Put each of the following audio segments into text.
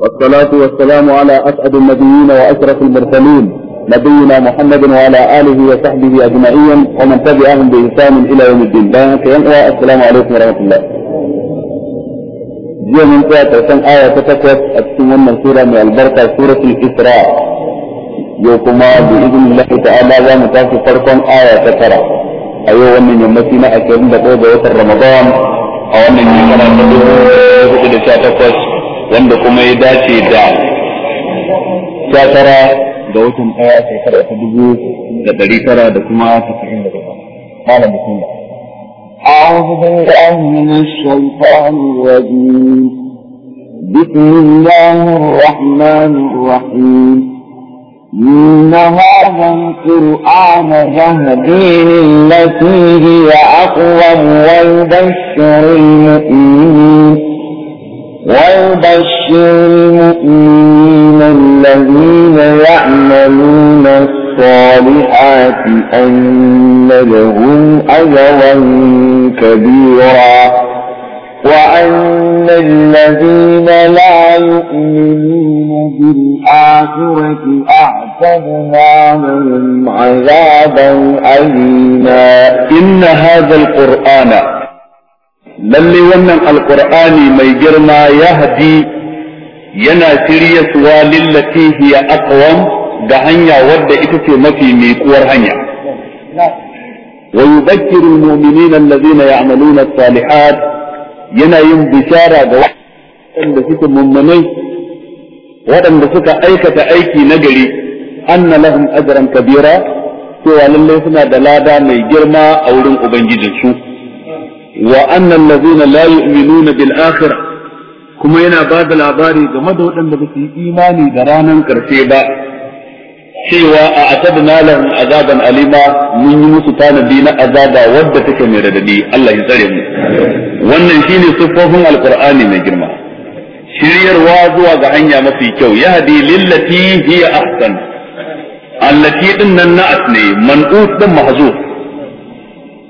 والصلاة والسلام على أسعد النبيين وأشرف المرسلين نبينا محمد وعلى آله وصحبه أجمعين ومن تبعهم بإنسان إلى يوم الدين لا ينقوى السلام عليكم ورحمة الله جيه من قوة عشان آية تتكت أكتم من سورة من البركة سورة الإسراء يوكما بإذن الله تعالى ومتاك فرقم آية تترى أيوة ومن يمتنا أكيد بقوة رمضان أو من يمتنا أكيد بقوة رمضان wanda kuma ya dace da sha tara da watan ɗaya shekara ta dubu da ɗari tara da kuma tasa'in da gaba. Malam Bismillah. أعوذ بالله من الشيطان الرجيم بسم الله الرحمن الرحيم إن هذا القرآن يهدي للتي هي أقوم ويبشر المؤمنين ويبشر المؤمنين الذين يعملون الصالحات أن لهم أجرا كبيرا وأن الذين لا يؤمنون بالآخرة أعتدنا لهم عذابا أليما إن هذا القرآن Lallai wannan alqur'ani mai girma ya hadi yana shiryatuwa lillati hiya aqwam ga hanya wadda ita ce mafi miƙuwar hanya Wai المؤمنين الذين يعملون الصالحات ينايم بشارة waɗanda suke mummunai waɗanda suka aikata aiki nagari anna lahum ajran kabira cewa lallai suna da lada mai girma a wurin su. wa anna allazina la yu'minuna bil akhirah kuma yana ba da labari game da waɗanda ba su yi imani da ranar ƙarshe ba cewa a atadna lahum azaban alima mun yi musu tanadi na azaba wadda take mai radadi Allah ya tsare mu wannan shine siffofin alqur'ani mai girma shiryarwa zuwa ga hanya mafi kyau yahdi lillati hiya ahsan allati din nan na'at ne man'ut din mahzuf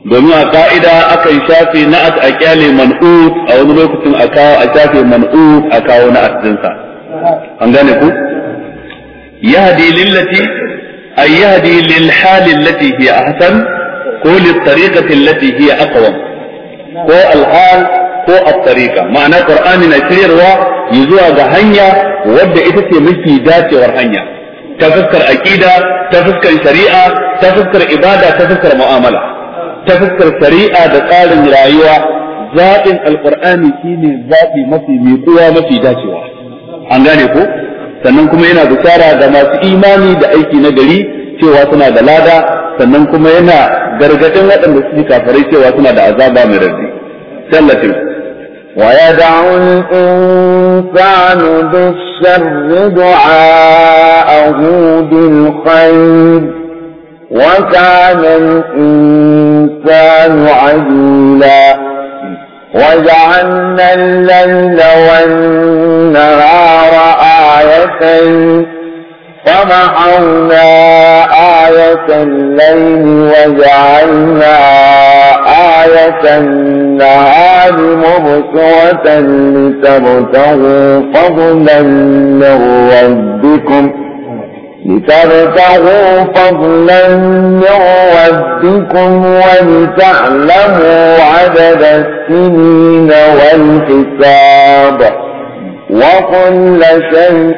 domin a ka'ida akan shafe na'at a kyale man'ut a wani lokacin a kawo a shafe man'ut a kawo na'at dinsa an gane ku yahdi lillati ay yahdi lil hal allati hiya hasan ko lit tariqati allati a aqwam ko al ko at tariqa ma'ana qur'ani na shiryarwa zuwa ga hanya wadda ita ce mafi dacewar hanya ta fuskar aqida ta fuskar shari'a ta fuskar ibada ta fuskar mu'amala ta fuskar shari'a da tsarin rayuwa zaɓin alƙur'ani shine zaɓi mafi mai kowa mafi dacewa an gane ko sannan kuma yana bishara da masu imani da aiki na gari cewa suna da lada sannan kuma yana gargaɗin waɗanda suke kafarai cewa suna da azaba mai rabbi sallatin ويدع الإنسان بالشر دعاءه بالخير وكان الإنسان عجولا وجعلنا الليل والنهار آيتين فمحونا آية الليل وجعلنا آية النهار مبصرة لتبتغوا فضلا من ربكم لتبتغوا فضلا من ربكم ولتعلموا عدد السنين والحساب وكل شيء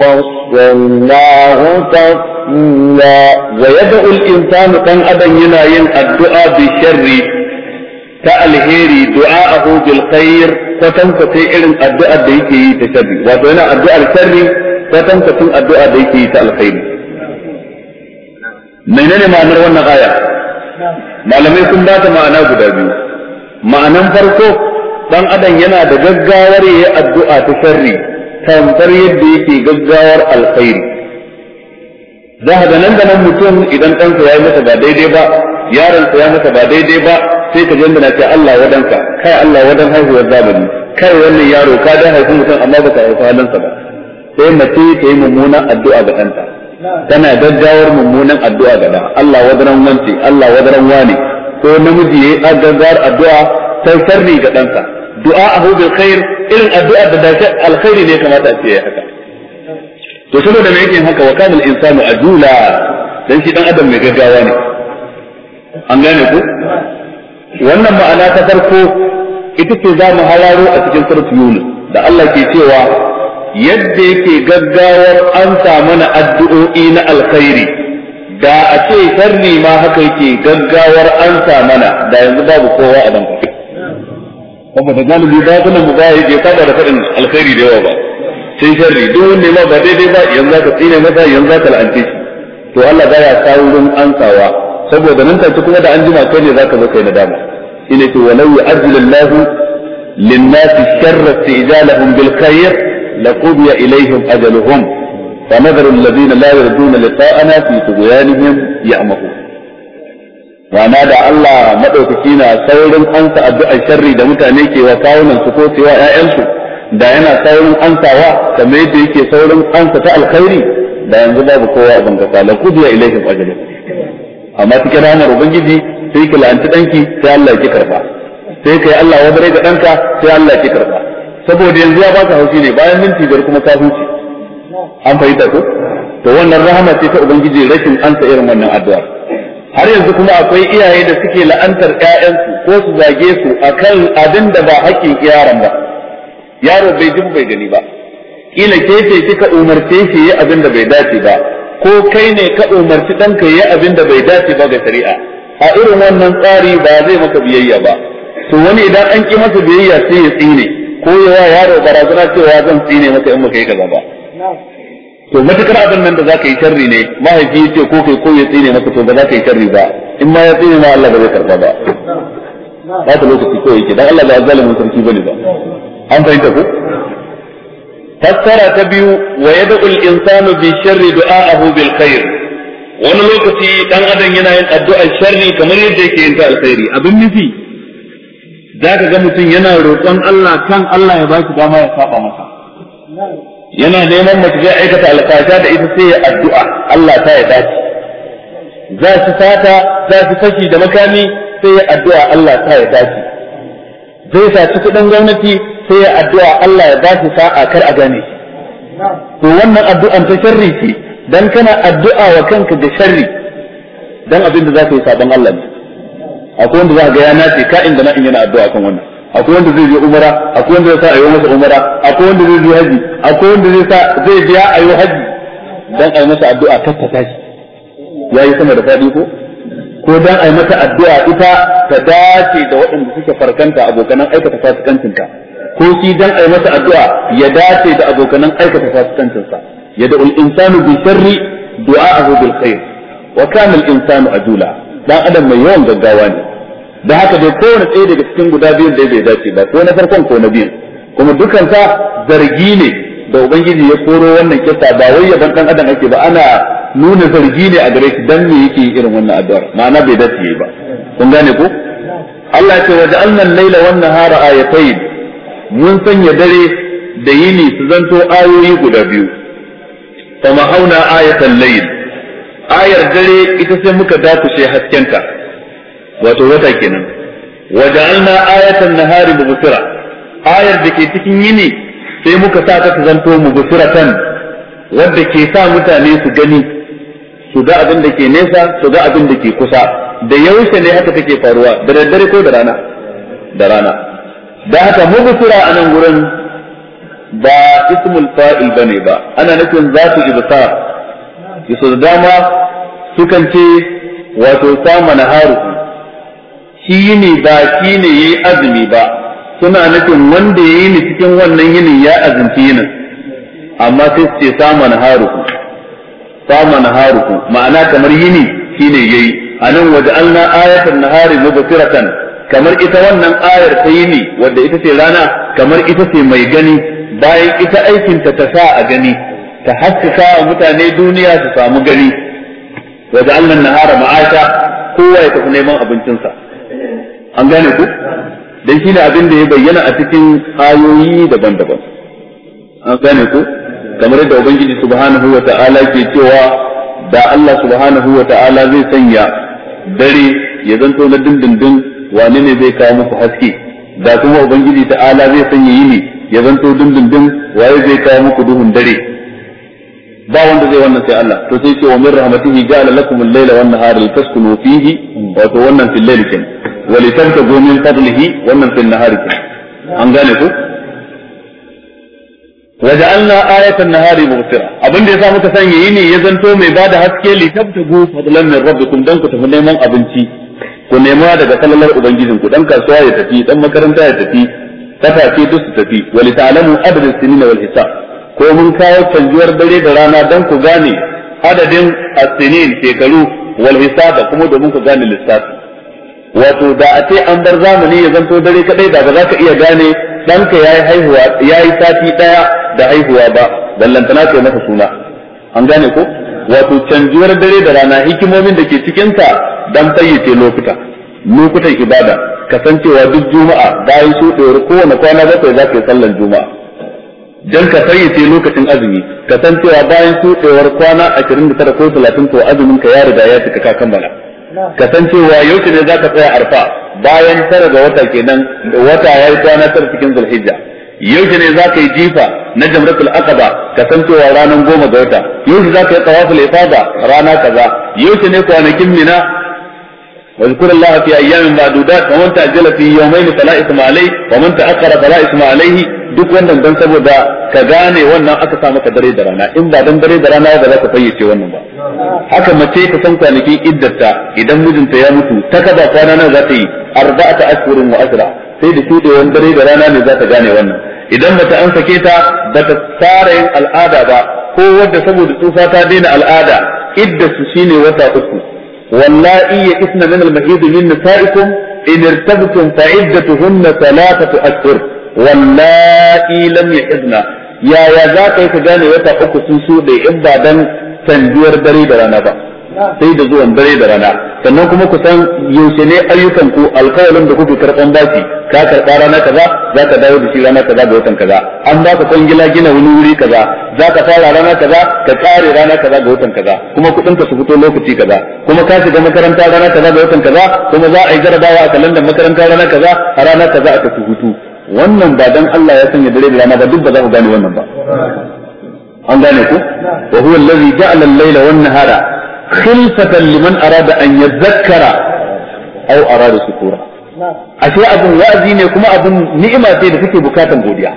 فصلناه تفصيلا ويدعو الإنسان كان ابا يناين الدعاء بالشر تالهيري دعاءه بالخير فتنسى الى الدعاء بيكي تشبي وأنا الدعاء الشر kwatankacin addu'a da yake yi ta alkhairi menene ma'anar wannan aya malamai sun ba ma'ana guda biyu ma'anan farko ɗan adam yana da gaggawar yayi addu'a ta sharri tamkar yadda yake gaggawar alkhairi za ga nan da mutum idan ɗansa ya yi masa ba daidai ba yaronsa ya masa ba daidai ba sai ka janda na ce Allah wadanka kai Allah wadan haihuwar zamani kai wannan yaro ka da haifin mutum amma ka haifa halinsa ba sai mace ta yi mummunan addu'a ga ɗanta tana gaggawar mummunan addu'a ga ɗa Allah wadaran wance Allah wadaran wane ko namiji ya yi gaggawar addu'a ta sarni ga ɗansa du'a a hubin khair irin addu'a da dace alkhairi ne kamata a ce ya haka to saboda me yake haka wa kana al-insanu ajula dan shi dan adam mai gaggawa ne an gane ku wannan ma'ana ta farko ita ce za mu hararo a cikin surat Yunus da Allah ke cewa yadda yake gaggawar an mana addu'o'i na alkhairi da a ce sharri ma haka yake gaggawar an mana da yanzu babu kowa a nan saboda galibi ba kuna mu ba yake saba da faɗin alkhairi da yawa ba sai sharri duk wanda ma ba daidai ba yanzu ka tsine masa yanzu ka la'ance shi to Allah ya kawo wurin ansawa saboda nan take kuma da anjima jima kai ne zaka zo kai nadama shine to walau yu'ajjilu Allahu lin-nasi sharra ijalahum bil لقضي إليهم أجلهم فنذر الذين لا يرجون لقاءنا في طغيانهم يعمهون wana da Allah maɗaukaki na saurin ansa addu'ar sharri da mutane ke wa kawunan su ko cewa ‘ya'yansu da yana saurin ansawa kamar yadda yake saurin ansa ta alkhairi da yanzu babu kowa a bankasa la kudiya ilaihim ajalin amma cikin ranar ubangiji sai ki la'anci danki sai Allah ki karba sai kai Allah ga danka sai Allah ki karba saboda yanzu ya baka haushi ne bayan minti biyar kuma ka huce an fahimta ko to wannan rahama ce ta ubangiji rashin ansa irin wannan addu'a har yanzu kuma akwai iyaye da suke la'antar ƴaƴansu ko su zage su akan abin da ba haƙƙin yaron ba yaro bai jin bai gani ba kila ke ce kika umarce shi yi abin da bai dace ba ko kai ne ka umarci ɗanka yi abin da bai dace ba ga shari'a a irin wannan tsari ba zai maka biyayya ba to wani idan an ki masa biyayya sai ya tsine ko yawa yaro barazana cewa zan tsine maka in maka yi kaza ba to matukar abin nan da zaka yi sharri ne mahaifi ya ce ko kai ko ya tsine maka to ba za ka yi sharri ba in ma ya tsine ma Allah ba zai karba ba ba ta lokaci ko yake dan Allah ba zalimin sarki bane ba an fahimta ko fassara ta biyu wa yad'u al-insanu bi sharri du'a'ahu bil khair wani lokaci dan adam yana yin addu'ar sharri kamar yadda yake yin ta alkhairi abin nufi za ka ga mutum yana roƙon Allah kan Allah ya baki dama ya saba masa yana neman mace zai aikata alfasha da ita sai ya addu'a Allah ta ya za su sata za su fashi da makami sai ya addu'a Allah ta ya dace zai saci kuɗin gwamnati sai ya addu'a Allah ya bashi sa'a kar a gane to wannan addu'an ta sharri ce dan kana addu'a wa kanka da sharri dan abin da za ka yi sabon Allah ne akwai wanda za ga ya nace ka inda na in yana addu'a kan wannan akwai wanda zai je umara akwai wanda zai sa ayo masa umara akwai wanda zai je haji akwai wanda zai sa zai biya ayo haji dan ayi masa addu'a ta ta tashi yayi sama da fadi ko ko dan ayi masa addu'a ita ta dace da waɗanda suke farkanta abokanan aikata fasikancinta ko shi dan ayi masa addu'a ya dace da abokanan aikata fasikancinsa yad'u al-insanu bi sharri du'a'ahu bil khair wa kana al-insanu ajula dan adam mai yawan gaggawa ne da haka dai kowane ɗaya daga cikin guda biyun da bai dace ba ko na farkon ko na biyun kuma dukan sa zargi ne da ubangiji ya koro wannan kisa ba wai ya dan adam ake ba ana nuna zargi ne a gare shi dan me yake irin wannan addu'ar ma'ana bai dace ba kun gane ko Allah ce wa ja'alna al-laila wan nahara ayatayn mun sanya dare da yini su zanto ayoyi guda biyu fa hauna ayatan layl ayar dare ita sai muka dakushe haskenta wato wata kenan ja'alna ayatan nahari mubsira ayar da ke cikin yini sai muka sa ta zanto mubsiratan wanda ke sa mutane su gani su ga abin da ke nesa su ga abin da ke kusa da yaushe ne haka take faruwa da daddare ko da rana da rana da haka mubsira a nan gurin ba ismul fa'il bane ba ana nufin zatu ibsar yaso da dama sukan ce wato sama haru shi yini ba shi ne yi azumi ba suna nufin wanda yi ni cikin wannan yini ya azumci yini amma sai su ce sama haru sama haru ma'ana kamar yini shi shine yayi anan waja'alna na nahari mubsiratan kamar ita wannan ayar ta yini wadda ita ce rana kamar ita ce mai gani bayan ita aikinta ta sa a gani ta haskaka wa mutane duniya su samu gani wa ja'alna nahara ma'asha kowa ya tafi neman abincinsa an gane ku dan shine abin da ya bayyana a cikin ayoyi daban-daban an gane ku kamar yadda ubangiji subhanahu wa ta'ala ke cewa da Allah subhanahu wa ta'ala zai sanya dare ya zanto na dindindin wane ne zai kawo muku haske da kuma ubangiji ta'ala zai sanya yini ya zanto dindindin waye zai kawo muku duhun dare ba wanda zai wannan sai Allah to sai ce wa min rahmatihi ja'ala lakum al-layla wan nahara litaskunu fihi wato wannan fil layli kin wa litabtagu min fadlihi wannan fil nahari kin an gane ku waja'alna ayatan nahari mubsira abinda yasa muka sanya yini ya zanto mai bada haske litabtagu fadlan min rabbikum dan ku tafi neman abinci ku nema daga sallalar ubangijinku dan kasuwa ya tafi dan makaranta ya tafi kasashe duk su tafi wa li ta'lamu adad as-sinina wal hisab ko mun kawo canjuwar dare da rana don ku gane adadin asinin shekaru wal hisaba kuma domin ku gane lissafi wato da a ce an bar zamani ya zanto dare kadai da ba za ka iya gane ɗanka yayi haihuwa yayi sati ɗaya da haihuwa ba ballantana kai maka suna an gane ko wato canjuwar dare da rana hikimomin da ke cikinta dan fayyace lokuta lokutan ibada kasancewa duk juma'a bayan shuɗewar kowane kwana bakwai za ka yi sallar juma'a dan ka fayyace lokacin azumi ka san cewa bayan shuɗewar kwana 29 ko 30 to azumin ka ya riga ya cika ka kammala ka san cewa yau ne za ka tsaya arfa bayan tara ga wata kenan wata ya yi kwana tara cikin zulhijja yau ne za ka yi jifa na jamratul aqaba ka san cewa ranar goma ga wata yau za ka yi tawaful ifada rana kaza yau ne kwanakin mina واذكر الله في ايام معدودات ومن تعجل في يومين فلا اثم عليه ومن تاخر فلا اثم عليه duk wannan dan saboda ka gane wannan aka sa maka dare da rana in ba dan dare da rana ba za ka fayyace wannan ba haka mace ka san kwanakin iddarta idan mijinta ya mutu ta kaza kwana na za ta yi arba'ata ashhurin wa asra sai da shi da wani dare da rana ne za ta gane wannan idan bata an sake ta ba ta tsara yin al'ada ba ko wanda saboda tsufa ta daina al'ada iddarsu shine wata uku Wallai ya isna min al-mahid min nisaikum in irtabtum fa iddatuhunna thalathatu ashhur wallahi lam yahidna ya ya za ka yi ka gane wata uku su shuɗe in ba dan canjuwar dare da rana ba sai da zuwan dare da rana sannan kuma ku san yaushe ne ayyukan ku alƙawarin da kuke karɓan baki ka karɓa rana kaza za ka dawo da shi rana kaza ga watan kaza an ba ka kwangila gina wani wuri kaza za ka fara rana kaza ka kare rana kaza ga watan kaza kuma kuɗin ka su fito lokaci kaza kuma ka shiga makaranta rana kaza ga watan kaza kuma za a yi jarabawa a kalandar makaranta rana kaza a rana kaza a tafi hutu wannan ba dan Allah ya sanya dare da rana ba duk ba za ku gane wannan ba an gane ku wa huwa allazi ja'ala al-laila wan-nahara khilfatan liman arada an yadhakkara aw arada shukura ashe abun wa'azi ne kuma abin ni'ima ce da kake bukatan godiya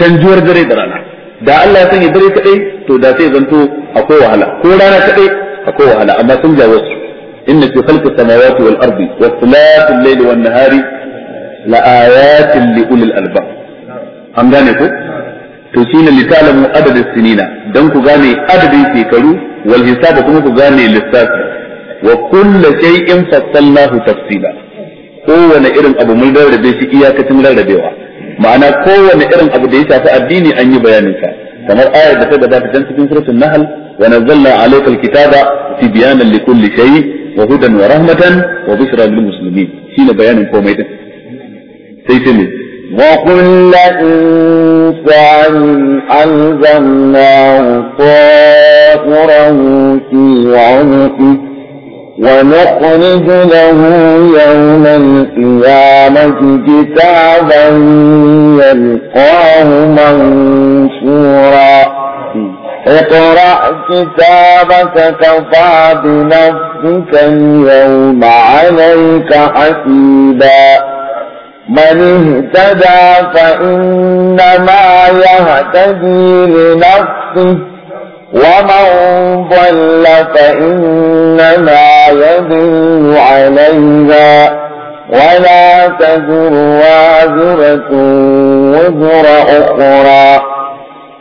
canjuwar dare da rana da Allah ya sanya dare kadai to da sai zanto akwai wahala ko rana kadai akwai wahala amma sun jawo su inna fi khalqi samawati wal ardi wa ikhtilafi al-layli wan nahari la ayatin li ulil albab an gane ko to shine litalamu adadin sinina dan ku gane adadin shekaru wal hisaba kuma ku gane lissafi wa kullu shay'in fassalnahu tafsila kowane irin abu mun rarrabe shi iyakacin rarrabewa ma'ana kowane irin abu da ya shafi addini an yi bayanin sa kamar ayar da ta gabata can cikin suratul nahl wa nazzalna alayka alkitaba tibyanan likulli shay wa hudan wa rahmatan wa bushra lil muslimin shine bayanin komai din sai sai ne wa kullu insan ألزمناه طائره في عنقه ونخرج له يوم القيامة كتابا يلقاه منشورا اقرأ كتابك كفى بنفسك اليوم عليك حسيبا من اهتدى فإنما يهتدي لنفسه ومن ضل فإنما يضل عليها ولا تزر وازرة وزر أخرى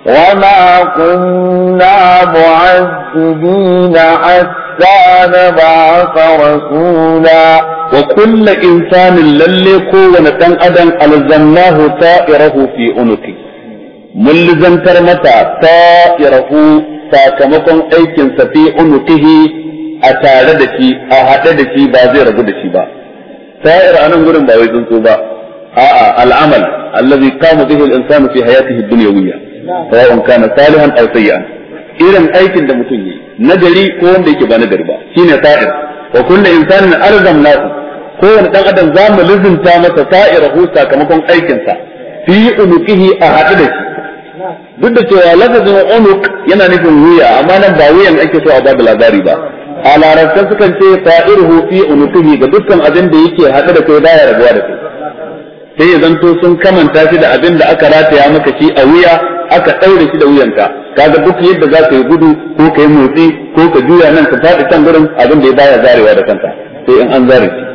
وما كنا معذبين حتى نبعث رسولا wa kulla insanin lalle kowane ɗan adam alzamnahu ta'irahu fi unuki mun lizantar mata ta'irahu sakamakon aikinsa fi unukihi a tare da shi a haɗe da shi ba zai rabu da shi ba ta'ir anan nan gurin ba wai tsuntsu ba a'a al'amal allazi kama bihi al-insanu fi hayatihi dunyawiyya sawa'un kana salihan aw sayyi'an irin aikin da mutum yi nagari ko wanda yake ba na gari ba shine ta'ir wa kullu insanin alzamnahu kowane dan adam za mu lizinta masa sa'irahu sakamakon aikinsa fi umukihi a haɗu da shi duk da cewa lafazin unuk yana nufin wuya amma nan ba wuyan ake so a babu labari ba a larabta sukan ce sa'iruhu fi umukihi ga dukkan abin da yake haɗu da kai baya rabuwa da kai sai ya zanto sun kamanta shi da abin da aka rataya maka shi a wuya aka ɗaure shi da wuyanka kaga duk yadda za ka yi gudu ko ka yi motsi ko ka juya nan ka faɗi can gurin abin da ya baya zarewa da kanka sai in an zare shi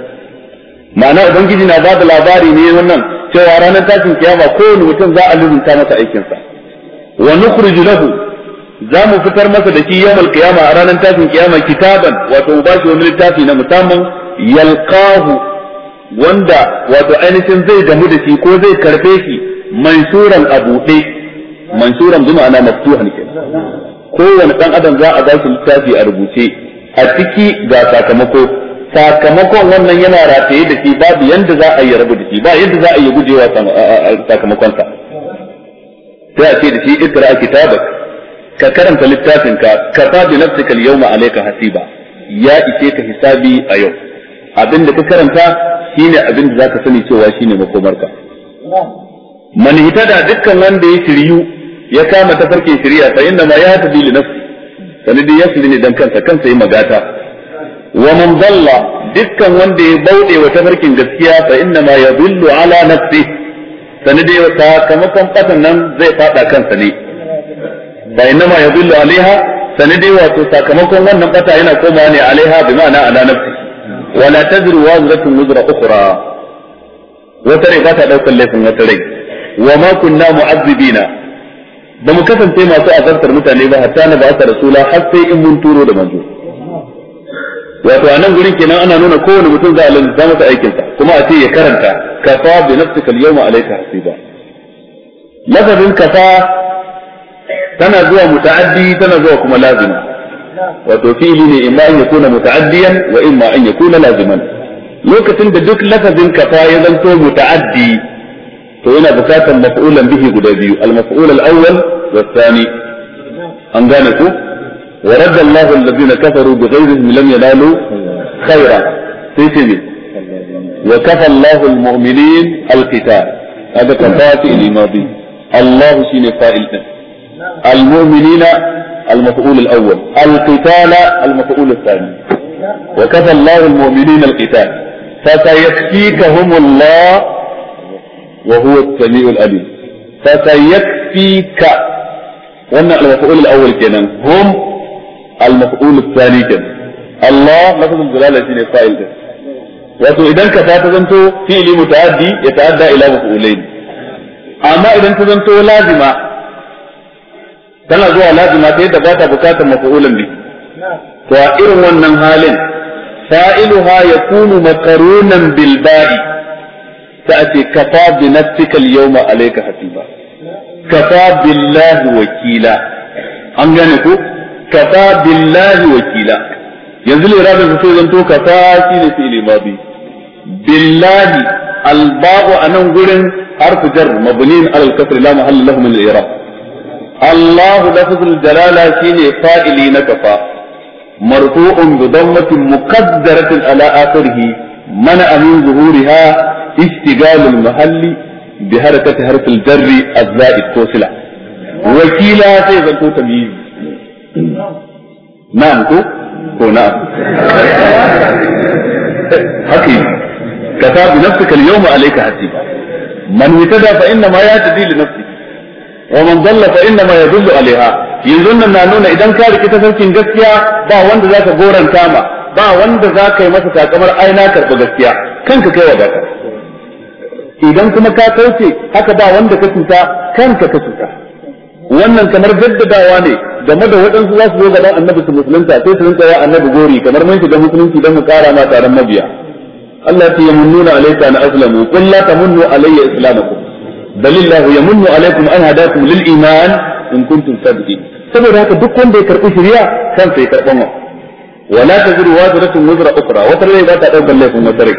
ma'ana ubangiji na ba da labari ne wannan cewa ranar tashin kiyama kowane mutum za a lulunta masa aikinsa wa nukhriju lahu za mu fitar masa da shi yawmal kiyama a ranar tashin kiyama kitaban wato mu bashi wani littafi na musamman yalqahu wanda wato ainihin zai damu da shi ko zai karbe shi mansuran abuɗe mansuran bi ma'ana maftuhan kenan kowane dan adam za a ba shi littafi a rubuce a ciki ga sakamako sakamakon wannan yana rataye da shi babu yadda za a yi rabu da shi ba yadda za a yi gujewa sakamakon sa sai a ce da shi ikra kitabak ka karanta littafinka ka fa bi nafsika al-yawma alayka hasiba ya ike ka hisabi a yau abin da ka karanta shine abin da zaka sani cewa shine makomarka manhita da dukkan wanda ya shiryu ya kama tafarkin shirya fa inna ma ya tabi li nafsi sanadi ya shirye ne dan kansa kansa yi magata wa man dukkan wanda ya bauɗe wa tafarkin gaskiya fa inna ma yadullu ala nafsi sanade wa sakamakon katan nan zai fada kansa ne fa inna ma yadullu alaiha sanade wato sakamakon wannan kata yana komawa ne alaiha bi ma'ana ala nafsi wala tadru wazratun wuzra ukhra wata rai ba ta laifin wata rai wa na kunna mu'azzibina ba mu kasance masu azartar mutane ba hatta na ba ta har sai in mun turo da manzo wato a nan gurin kenan ana nuna kowane mutum za a lantsa masa aikinsa kuma a ce ya karanta kafa bi nafsika al-yawma alayka hasiba lafazin kafa tana zuwa muta'addi tana zuwa kuma lazima wato fi'ili ne imma an yakuna muta'addiyan wa imma an yakuna laziman lokacin da duk lafazin kafa ya zanto muta'addi to yana bukatar maf'ulan bihi guda biyu al-maf'ul al-awwal wa thani an gane ku ورد الله الذين كفروا بغيرهم لم ينالوا خيرا في سيتمي وكفى الله المؤمنين القتال هذا كفاءة الماضي الله سين فائل المؤمنين المفعول الأول القتال المفعول الثاني وكفى الله المؤمنين القتال فسيكفيكهم الله وهو السميع العليم فسيكفيك وانا المفعول الأول كنا هم al-maf'ul al-thani kin Allah lafzul jalala shine fa'il din wato idan ka ta zanto fi'li mutaaddi ya ta'adda ila maf'ulain amma idan ta zanto lazima tana zuwa lazima ta yadda ba ta bukatar maf'ulan bi to a irin wannan halin fa'iluha yakunu maqrunan bil ba'i تأتي كفى بنفسك اليوم عليك حسيبا كفى بالله وكيلا أن ينكو kafa billahi wakila yanzu lirada su sai zanto kafa shine fi'il madi billahi alba'u anan gurin harfu jar mabniin ala al-kasr la mahalla lahu min al-i'rab الله لفظ الجلالة شيني فائلي نكفا مرفوع بضمة مقدرة على آخره منع من ظهورها اشتغال المحل بحركة حرف الجر الزائد توصلة وكيلا سيزن تمييز na'am ko ko na'am haka yi kafa bi nafsika yau yawma alayka hasiba man yatada fa inna ma yatadi li nafsi wa man dalla fa inna ma yadullu alaiha yanzu nan na nuna idan ka riki tafarkin gaskiya ba wanda za ka goranta ma ba wanda za ka yi masa takamar aina karɓi gaskiya kanka kai wadata idan kuma ka kauce haka ba wanda ka cuta kanka ka cuta wannan kamar jaddadawa ne game da waɗansu za su zo gaban annabi su musulunta sai su rinka ya annabi gori kamar mun shiga musulunci don mu kara ma taron mabiya Allah ta yamunnuna alayka na aslamu qul la tamunnu alayya islamakum bal illahu yamunnu alaykum an hadakum lil iman in kuntum sadiqin saboda haka duk wanda ya karbi shari'a kansa ya karɓa mu wala taziru waziratun wizra ukra wata rai za ta ɗaukar laifin wata rai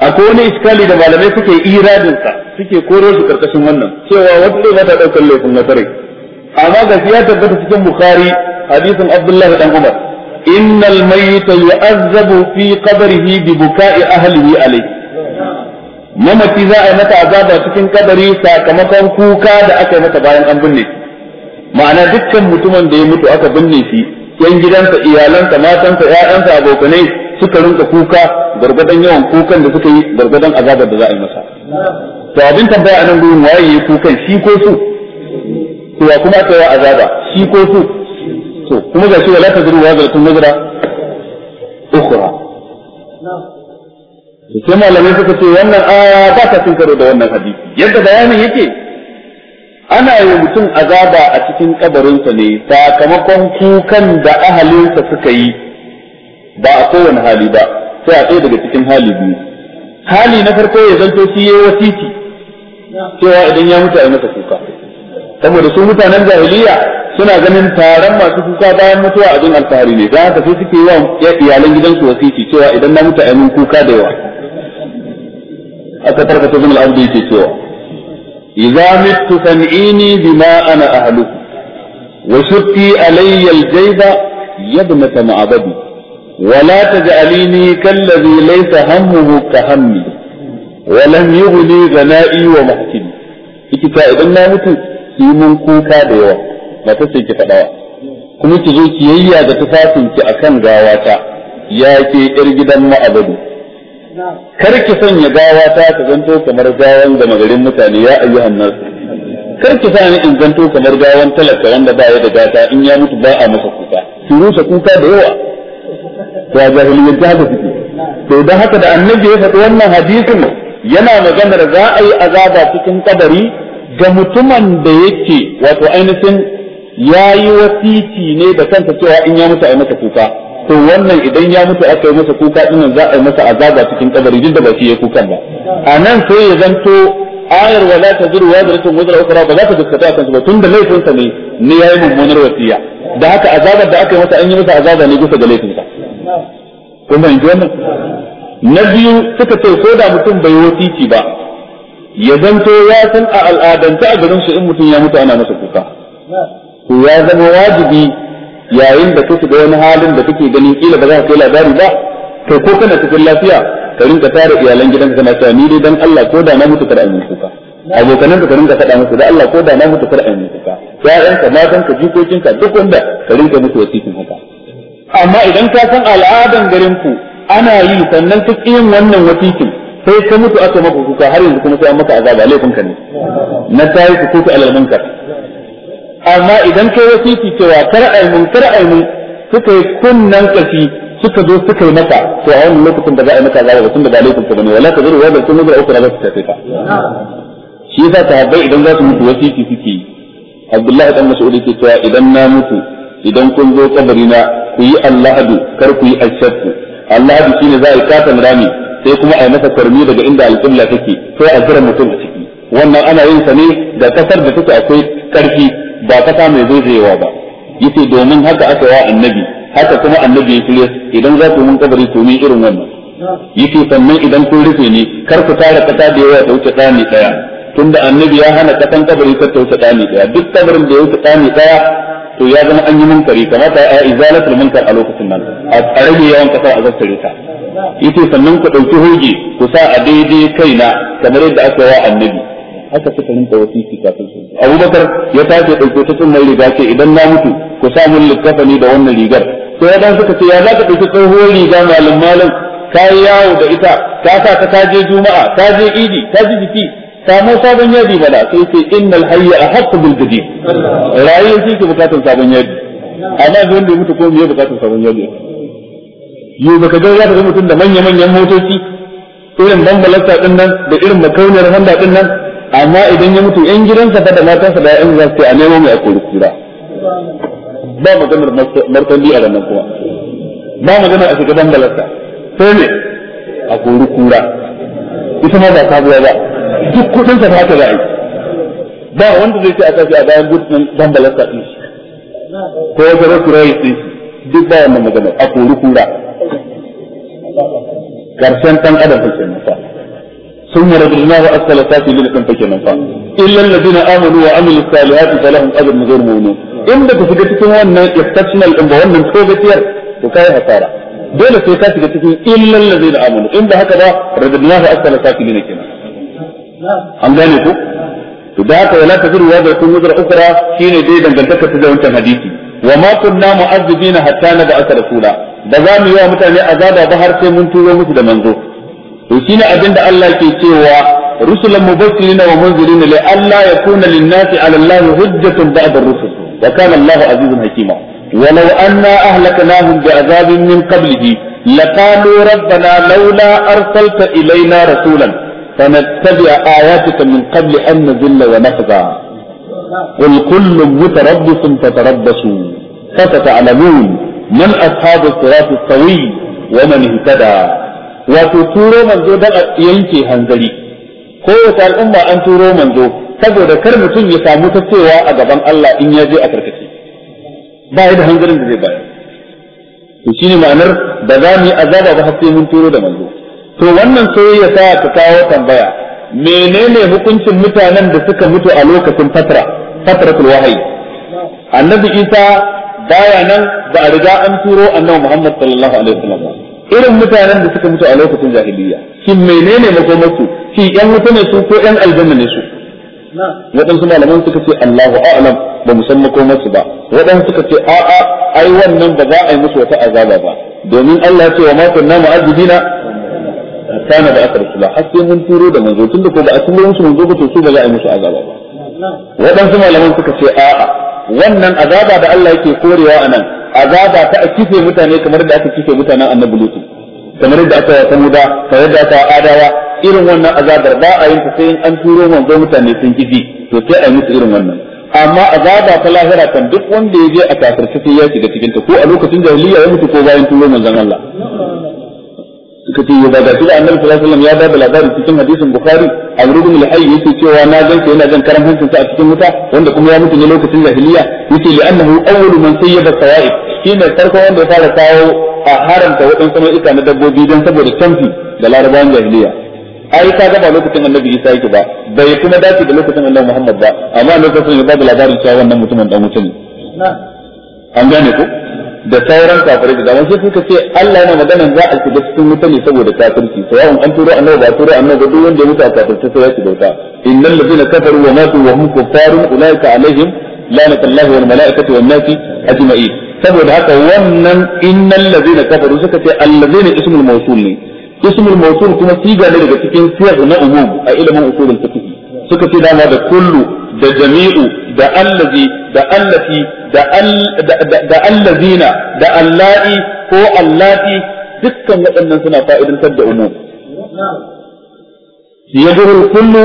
akwai wani iskali da malamai suke iradin sa suke koro su karkashin wannan cewa wata zai mata daukar laifin na tare amma ga ya tabbata cikin bukhari hadisin abdullahi dan umar innal mayyita yu'azzabu fi qabrihi bi buka'i ahlihi alayhi mamaci za a yi mata azaba cikin kabari sakamakon kuka da aka yi mata bayan an binne ma'ana dukkan mutumin da ya mutu aka binne shi yan gidansa iyalansa matansa 'ya'yansa, abokanai suka rinka kuka gargadan yawan kukan da suka yi gargadan azabar da za a yi masa to abin tambaya a nan gurin waye yi kukan shi ko su to ya kuma ta azaba shi ko su to kuma ga shi wala zuru wa zalatun nazara ukhra to sai malamai suka ce wannan aya ba ta cin karo da wannan hadisi yadda bayanin yake ana yi mutum azaba a cikin kabarinsa ne sakamakon kukan da ahalinsa suka yi ba a kowane hali ba sai a ɗaya daga cikin hali biyu hali na farko ya zanto shi yayi wasiti cewa idan ya mutu a yi masa kuka saboda su mutanen jahiliya suna ganin taron masu kuka bayan mutuwa abin alfahari ne za haka sai suke yi wa iyalan gidansu wasiti cewa idan na mutu a yi kuka da yawa aka tarkata bin al'abdu yake cewa idza mittu fan'ini bima ana ahlu wa shutti alayya al-jayba yabnata ma'abadi ولا تجعليني كالذي ليس همه كهمي ولم يغني غنائي ومحكمي kike ta idan na mutu ki mun kuka da yawa ba ta sai ki fadawa kuma ki zo ki yayya da tufafin ki akan gawata ya ke yar gidan ma'abadu kar ki sanya gawata ta zanto kamar gawan gama garin mutane ya ayyuhan nas kar ki sa ni in zanto kamar gawan talaka da ba ya da gata in ya mutu ba a masa kuka ki rusa kuka da yawa to a jahiliyyar ta haka suke to da haka da annabi ya faɗi wannan hadisin yana maganar za a yi azaba cikin kadari ga mutumin da yake wato ainihin ya yi wasiti ne da kanta cewa in ya mutu a yi masa kuka to wannan idan ya mutu aka yi masa kuka dinnan za a yi masa azaba cikin kadari duk da ba shi ya kukan ba a nan sai ya zanto ayar wala ta zuru wa zaratun wazara ukra ba za ta gaskata a kansu ba tun da laifinsa ne ne ya yi mummunar wasiya da haka azabar da aka yi masa an yi masa azaba ne bisa ga laifin kun ban wannan na biyu suka ce ko da mutum bai wasiki ba ya zanto ya san a al'adance a garin su in mutum ya mutu ana masa kuka to ya zama wajibi yayin da ka shiga wani halin da kake ganin kila ba za ka kai labari ba kai ko kana cikin lafiya ka rinka tare iyalan gidanka kana cewa ni dai dan Allah ko da na mutu kar an yi kuka abokanan ka rinka faɗa musu da Allah ko da na mutu kar an yi kuka ƴaƴanka matanka jikokinka duk wanda ka rinka musu wasikin haka amma idan ka san al'adan garin ku ana yi sannan ka yin wannan wasikin sai ka mutu aka maka kuka har yanzu kuma sai an maka azaba laifin ka ne na tayi ku kuka alal munkar amma idan kai wasiki cewa kar ai mun kar ai mun suka yi kunnan kashi suka zo suka yi maka to a wannan lokacin da za a yi maka azaba tun da ba laifin ka bane wala ka zuru wala sun zuru ukra ba su tafi ka shi yasa sahabbai idan za su mutu wasiki suke yi Abdullahi dan Mas'ud yake cewa idan na mutu idan kun zo kabarina, na ku yi allahadu kar ku yi ashakku allahadu shine za a yi katon rami sai kuma a yi masa karmi daga inda alƙibla take sai a zira mutum a ciki wannan ana yin sa ne da kasar da take akwai karfi ba kasa mai zaizayewa ba yace domin haka aka wa annabi haka kuma annabi ya kire idan za ku mun kabari to ni irin wannan yace sannan idan kun rufe ni kar ku tara kasa da yawa ta wuce tsani daya tunda annabi ya hana kasan kabari ta wuce tsani daya duk kabarin da ya wuce tsani daya to ya zama an yi munkari kamata a izalatul munkar a lokacin nan a rage yawan kasar a zartare ta yace sannan ku dauki hoge ku sa a daidai kaina kamar yadda aka wa annabi haka suka rinka wasiki kafin su Abubakar ya tace dauke ta tsunnan riga ce idan na mutu ku sa mun likkafani da wannan rigar to ya dan suka ce ya za ka dauki tsohuwar riga malam malam ka yawo da ita ka sa ta kaje juma'a ka je idi ka ji jiki samo sabon yadi da sai ce innal hayya ahqqu bil jadid rayi shi ke bukatun sabon yadi amma da wanda ya mutu ko me bukatun sabon yadi yo baka ga ya da mutum da manya manyan motoci irin bambalasta din nan da irin makauniyar handa din nan amma idan ya mutu yan gidansa fa da matansa da yan zasu a nemo mai akuri kura ba maganar martani a ranar kuma ba magana a shiga bambalasta sai ne a kori kura ita ma ba sabuwa ba duk kudin sa haka za a yi ba wanda zai ce a tafi a bayan gudun dan balasta din ko ya zara kurai din duk ba wannan magana a kori kura karshen dan adam fa kenan fa sun yi rabin na wa asala ta fi lilikan fa kenan fa illa alladhina amanu wa amilu salihati falahum ajrun ghayr mamnun in ba ku shiga cikin wannan exceptional din ba wannan ko gajiyar to kai hasara dole sai ka shiga cikin zai ladina amanu in da haka ba a asala ta fi lilikan an gane ku to da haka wala taziru wa da kun wuzra ukra shine dai dangantaka ta da wancan hadisi wa ma kunna mu'azzibina hatta na da aka rasula ba za mu yi wa mutane azaba ba har sai mun turo musu da manzo to shine abin da Allah ke cewa rusulan mubashirina wa munzirina li alla yakuna lin-nasi 'ala Allah hujjatun ba'da ar-rusul wa kana Allah azizun hakima ولو أنا أهلكناهم بعذاب من قبله لقالوا ربنا لولا أرسلت إلينا رسولا فنتبع آياتك من قبل أن نذل ونخزع قل كل متربص فتربصوا فستعلمون من أصحاب الصراط السوي ومن اهتدى وتطور من ذو دغا ينكي هنزلي قوة الأمة أن تطور من ذو تبو ذكر مطل يسامو تسوى أجبان الله إن يجي أتركتي بايد هنزلين ذي بايد وشيني معنر بذاني أزابة بحثي من تطور من ذو to wannan soyayya ta ta kawo tambaya menene hukuncin mutanen da suka mutu a lokacin fatra fatratul wahayi annabi isa baya nan ba a riga an turo annabi muhammad sallallahu alaihi wasallam irin mutanen da suka mutu a lokacin jahiliya shin menene makomarsu shi yan wuta ne su ko yan aljanna ne su waɗansu malaman suka ce Allahu a'lam ba mu san makomarsu ba waɗansu suka ce a'a ai wannan ba za a yi musu wata azaba ba domin Allah ya ce wa ma kunna mu'azzibina kana da aka rasula har sai mun turo da manzo tunda ko ba a turo musu manzo ba to su ba za a yi musu azaba ba waɗansu malaman suka ce a'a wannan azaba da Allah yake korewa anan azaba ta kife mutane kamar da aka kife mutanen annabi lutu kamar da aka samuda kamar da aka adawa irin wannan azabar ba a yin ta sai an turo manzo mutane sun kifi to sai a yi musu irin wannan amma azaba ta lahira kan duk wanda ya je a kafirce sai ya shiga cikin ta ko a lokacin jahiliya ya mutu ko bayan turo manzon Allah suka ce ya daga da annabi sallallahu alaihi wasallam ya bada labarin cikin hadisin bukhari amru bin al-hayy yake cewa na ganka yana jan karan a cikin wuta wanda kuma ya mutu ne lokacin jahiliya yace li annahu awwalu man sayyaba sawa'i shine farko wanda ya fara kawo a haramta waɗansu ita na dabbobi don saboda canfi da larabawan jahiliya ai ka ga ba lokacin annabi Isa yake ba bai kuma dace da lokacin annabi Muhammad ba amma lokacin ya bada labarin cewa wannan mutumin dan mutum ne an gane ko da sauran kafirai da dama sai suka ce Allah yana magana za a shiga cikin wuta ne saboda kafirci to yawan an turo annabi ba turo annabi duk wanda ya mutu a kafirci sai ya shiga wuta innal ladina kafaru wa matu wa hum kuffarun ulaika alaihim lanatullahi wal malaikati wan nasi ajma'in saboda haka wannan innal ladina kafaru suka ce allazina ismul mawsul ne ismul mawsul kuma siga ne daga cikin siyar na umum a ilimin usulul fiqh suka ce dama da kullu da jami'u da allazi da allati da da allazina da allahi ko allati dukkan waɗannan suna fa'idantar da umum yadhuru kullu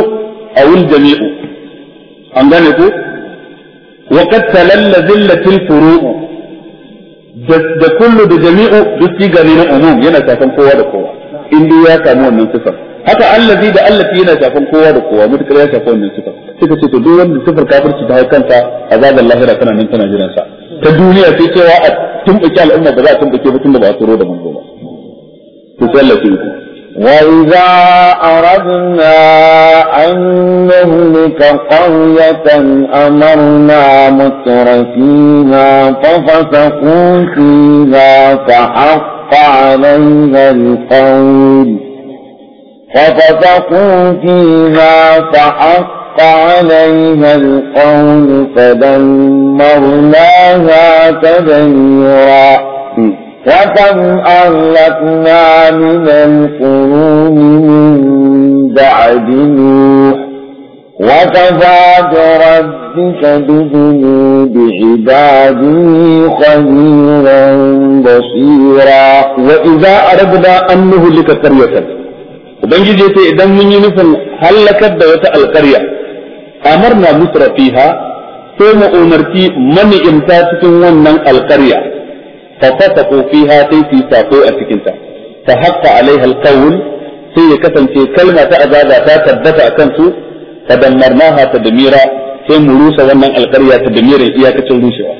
aw jami'u an gane ku? wa qad talalla zillatil furu' da kullu da jami'u duk gani na umum yana shafan kowa da kowa in ya samu wannan sifar haka allazi da allati yana shafan kowa da kowa mutakar ya shafi wannan sifar suka ce to duk wanda sifar kafirci ta haikanta azabar lahira kana nan kana jiran sa ta duniya sai cewa a tumbuke al'umma ba za a tumbuke ba tunda ba a tsoro da manzo ba to sai Allah ya وإذا أردنا أن نهلك قرية أمرنا متر فيها ففسقوا فيها فحق عليها القول ففسقوا فيها فحق حق عليها القول فدمرناها تدميرا وكم أهلكنا من القرون من بعد نوح وكفى بربك بذنوب عباده خبيرا بصيرا وإذا أردنا أن نهلك قرية وبنجي جيتي إذا من ينفن هلكت دوت القرية amarna musra fiha sai mu umarci mani'imta cikin wannan alƙarya fa fasaqu fiha sai su sako a cikin ta fa haqqa alaiha alqawl sai ya kasance kalma ta azaba ta tabbata akan su fa dammarnaha tadmira sai mu rusa wannan alƙarya tadmirin iyakacin rushewa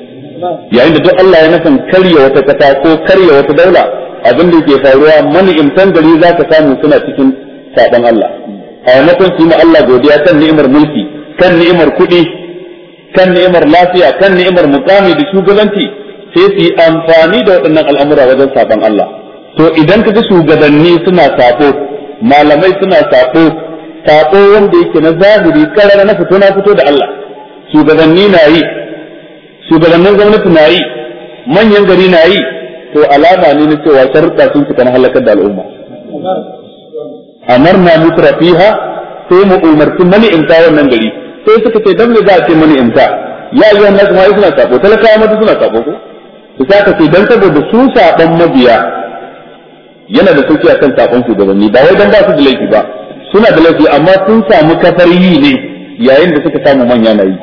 yayin da duk Allah ya nufin karya wata kasa ko karya wata daula abin da ke faruwa mani'imtan gari za ka samu suna cikin saɓon Allah a maimakon su yi Allah godiya kan ni'imar mulki kan ni'imar kuɗi kan ni'imar lafiya kan ni'imar mukami da shugabanci sai su yi amfani da waɗannan al'amura wajen sabon Allah to idan kaga shugabanni suna sabo malamai suna sabo sabo wanda yake na zahiri karara na fito na fito da Allah shugabanni na yi shugabannin gwamnati na yi manyan gari na yi to alama ne na cewa sharuɗa sun fita na halakar da al'umma amarna mutrafiha sai mu umarci mani in ta wannan gari sai suka ce dan me za a ce mani imta ya yi wannan kuma suna sabo talakawa mata suna sabo ko su saka ce dan saboda su saban mabiya yana da sauki akan sakon shugabanni ba wai dan ba su da laifi ba suna da laifi amma sun samu kafar yi ne yayin da suka samu manya na yi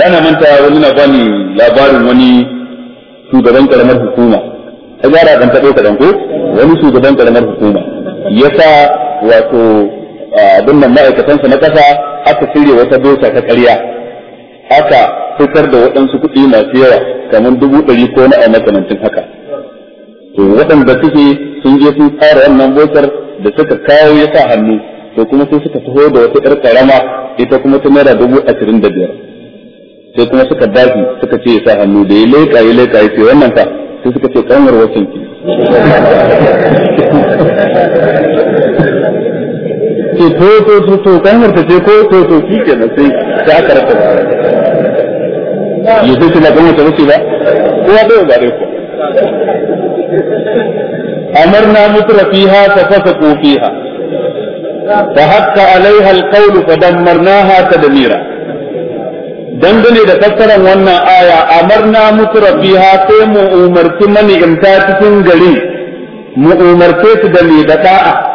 dana manta wani na bani labarin wani shugaban karamar hukuma ta gara kan taɓo kaɗan ko wani shugaban karamar hukuma ya sa wato abin nan ma'aikatansa na ƙasa aka cire wata dosa ta ƙarya aka fitar da waɗansu kuɗi masu yawa kamar dubu ɗari ko na a makamancin haka to waɗanda suke sun je sun tsara wannan bosar da suka kawo ya sa hannu to kuma sai suka taho da wata ƴar ƙarama ita kuma ta naira dubu ashirin da biyar sai kuma suka dafi suka ce ya sa hannu da ya leƙa ya leƙa ya ce wannan ka sai suka ce kanwar wasan ki ce to to to to kalmar ta ce ko to to shi ke sai sai aka rasa ba yanzu ce ba kalmar ta ce ba kowa bai ba dai ko amarna mutra fiha fa fasaqu fiha fa hakka alaiha alqawl fa dammarnaha tadmira dangane da tattaran wannan aya amarna mutra fiha sai mu umarci mani cikin gari mu umarce su da mai da da'a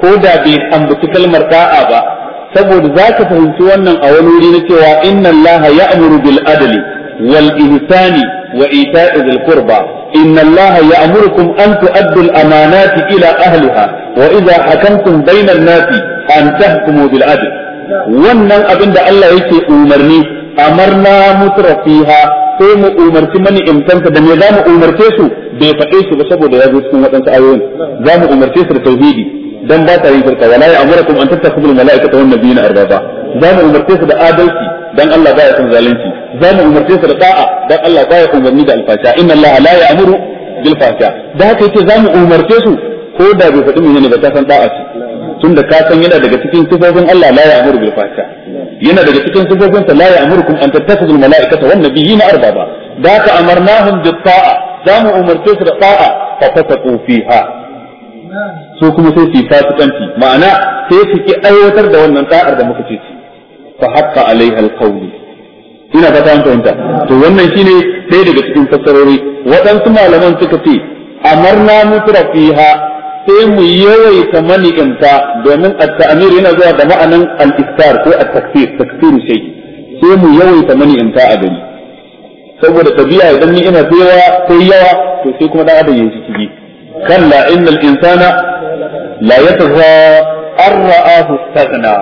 ko da bai ambaci kalmar da'a ba saboda za ka fahimci wannan a wani wuri na cewa inna Allah amuru bil adli wal ihsani wa ita'i dhil qurba inna Allah ya'murukum an tu'addu al amanati ila ahliha wa idha hakamtum bayna an-nasi an tahkumu bil adl wannan abin da Allah yake umarni amarna mutrafiha sai mu umarci mani imtanta da me za mu umarce su bai faɗe su ba saboda ya zo cikin waɗansu ayoyin za mu umarce su da tauhidi dan ba ta yi barka wala ya amura kuma an tattakhudul malaikata na nabiyina arbaba za mu umarce su da adalci dan Allah baya son zalunci za mu umarce su da da'a dan Allah baya umarni da alfasha inna Allah la ya amuru, bil fasha da haka yake za mu umarce su ko da bai faɗi mu ne ba ta san da'a su. tunda ka san yana daga cikin sifofin Allah la ya amuru bil fasha yana daga cikin sifofin sa la ya'murukum an tattakhudul malaikata na nabiyina arbaba da haka amarnahum bit ta'a za mu umarce su da da'a fa fasaqu fiha su kuma sai su fasikanci ma'ana sai su ki aiwatar da wannan sa'ar da muka ce su fa haqqa alaiha alqawli ina fata an fahimta to wannan shine ɗaya daga cikin fassarori waɗansu malaman suka ce amarna mutura fiha sai mu yawaita mani'inta domin at-ta'mir yana zuwa da ma'anan al-iftar ko at-takfir takfir shay sai mu yawaita mani'inta a gari saboda tabi'a idan ni ina tsayawa sai yawa to sai kuma da adadin ya ciki. كلا إن الإنسان لا يتغى أن رآه استغنى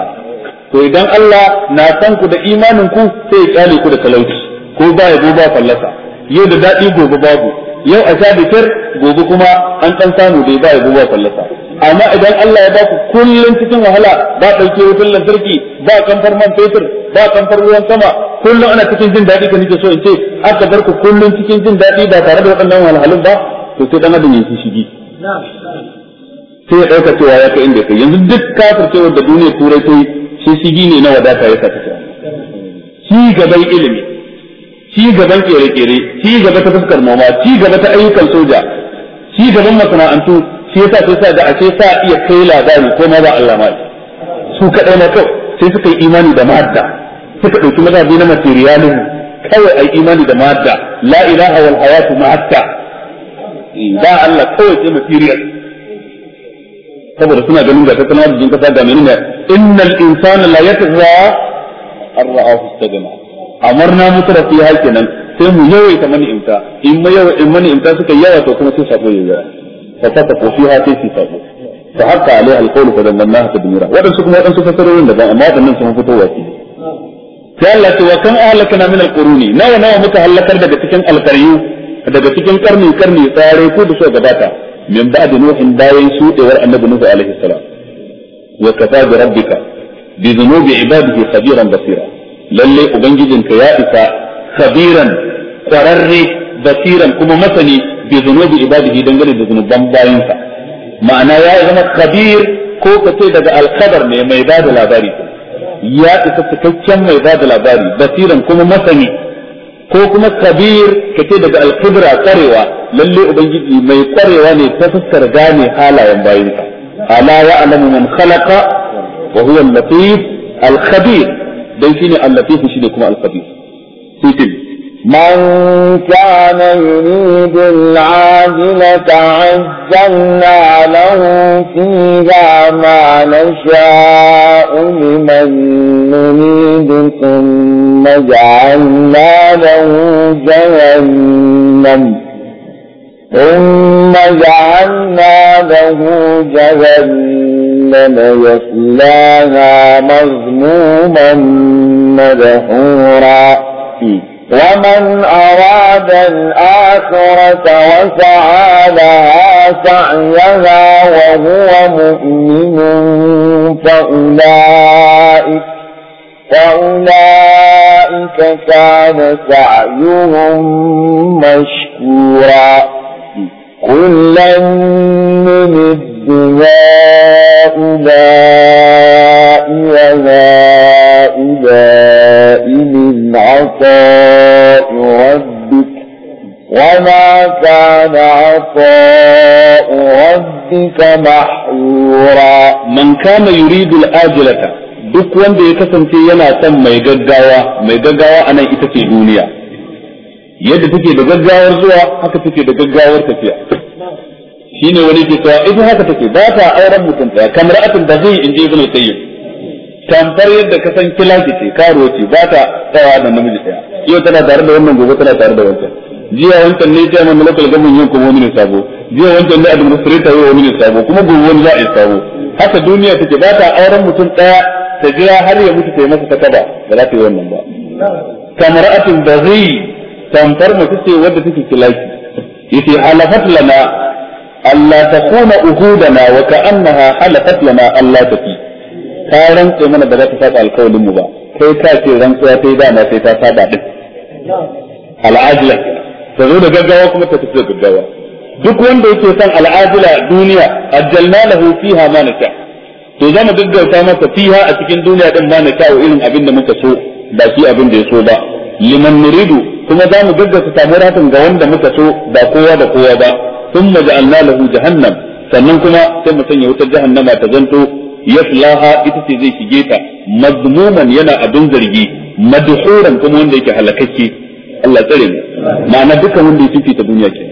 to idan Allah na san da imanin ku sai ya kyale ku da talauci ko ba ya ba fallasa yau da daɗi gobe babu yau a sha bitar gobe kuma an ɗan samu da ba ya ba fallasa amma idan Allah ya ba ku kullum cikin wahala ba ɗauke wutar lantarki ba kamfar man fetur ba kamfar ruwan sama kullum ana cikin jin daɗi ka nake so in ce aka bar kullum cikin jin daɗi ba tare da waɗannan wahalhalun ba to sai dan adam ya yi shigi sai ya dauka cewa ya kai inda kai yanzu duk kafir cewa da duniya turai kai shi shigi ne na wadata ya saka cewa shi gaban ilimi shi gaban kere-kere shi gaba ta fuskar noma shi gaba ta ayyukan soja shi gaban masana'antu shi yasa sai sa da a ce sa iya kai labari ko ma ba Allah ma su kaɗai na kawai sai suka yi imani da madda suka dauki mazabi na materialin kawai ai imani da madda la ilaha wal hayatu ma'atta ba Allah kawai sai material saboda suna ganin ga tattalin arzikin kasa ga menene innal insana la yatgha ar-ra'ahu istagna amarna mutra fi hakinan sai mu yawaita mani imta in ma yawa in mani imta suka yawa to kuma sai sabo yayi fa ta ko fiha sai sai sabo fa hatta alaiha alqawlu fa damannaha tadmira wadansu kuma wadansu fasarorin da ba amma wadannan sun fito wasi sai Allah ce wa kan ahlakana min alquruni nawa nawa muka halakar daga cikin alqaryu daga cikin karni karni tsare ko da so gabata min ba'd nuhin bayan shudewar annabi nuhu alaihi salam wa kafa bi rabbika bi dhunubi ibadihi khabiran basira lalle ka ya isa khabiran kwararre basiran kuma masani bi dhunubi ibadihi dangane da zunuban bayansa ma'ana ya zama khabir ko kace daga alkhabar ne mai bada labari ya isa cikakken mai bada labari basiran kuma masani ko kuma kabir ce daga alkibra karewa lalle ubangiji mai karewa ne ta fuskar gane halayen bayinsa ala ya'lamu man khalaqa wa huwa al-latif al-khabir dan shine al-latif shine kuma al-khabir من كان يريد العاجلة عجلنا له فيها ما نشاء لمن نريد ثم جعلنا له جهنم ثم جعلنا له جهنم يصلاها مذموما مدحورا إيه. ومن أراد الآخرة وسعى لها سعيها وهو مؤمن فأولئك فأولئك كان سعيهم مشكورا كلا من نمد هؤلاء وهؤلاء من عطاء ربك وما كان عطاء ربك محظورا من كان يريد الآجلة duk wanda ya kasance yana son mai gaggawa mai gaggawa a nan ita ce duniya yadda take da gaggawar zuwa haka take da gaggawar tafiya shine wani ke cewa ita haka take ba ta auren mutunta kamar atin da zai inji ibn tayyib tamfar yadda ka san kilaki ce karo ce ba ta tsawa da namiji daya yau tana tare da wannan gobe tana tare da wancan jiya wancan ne ta mun lokal gamin yin kuma wani ne sabo jiya wancan ne administrator yau wani ne sabo kuma gobe wani za a yi sabo haka duniya take ba ta auren mutum ɗaya, ta jira har ya mutu ta masa takaba ba za ta yi wannan ba kamar atin da zai tamfar mace ce wadda take kilaki yace halafat lana Allah ta takuna uhudana wa ka'annaha halafat lana Allah ta fi. ka rantse mana ba za ta saba alkawalin mu ba kai ka ce rantsuwa sai dama sai ta saba din al'ajila ta zo da gaggawa kuma ta tafi da gaggawa duk wanda yake son al'ajila duniya ajjalna lahu fiha ma nasha to zamu gaggauta masa fiha a cikin duniya din ma nasha wa irin abin da muka so ba shi abin da ya so ba liman nuridu kuma mu gaggauta samuwar hakan ga wanda muka so ba kowa da kowa ba thumma ja'alna lahu jahannam sannan kuma sai mu sanya wutar jahannama ta zanto yaslaha ita ce zai shige ta mazmuman yana abin zargi madhuran kuma wanda yake halakacce. Allah tsare mu ma'ana dukkan wanda ya fifita duniya ke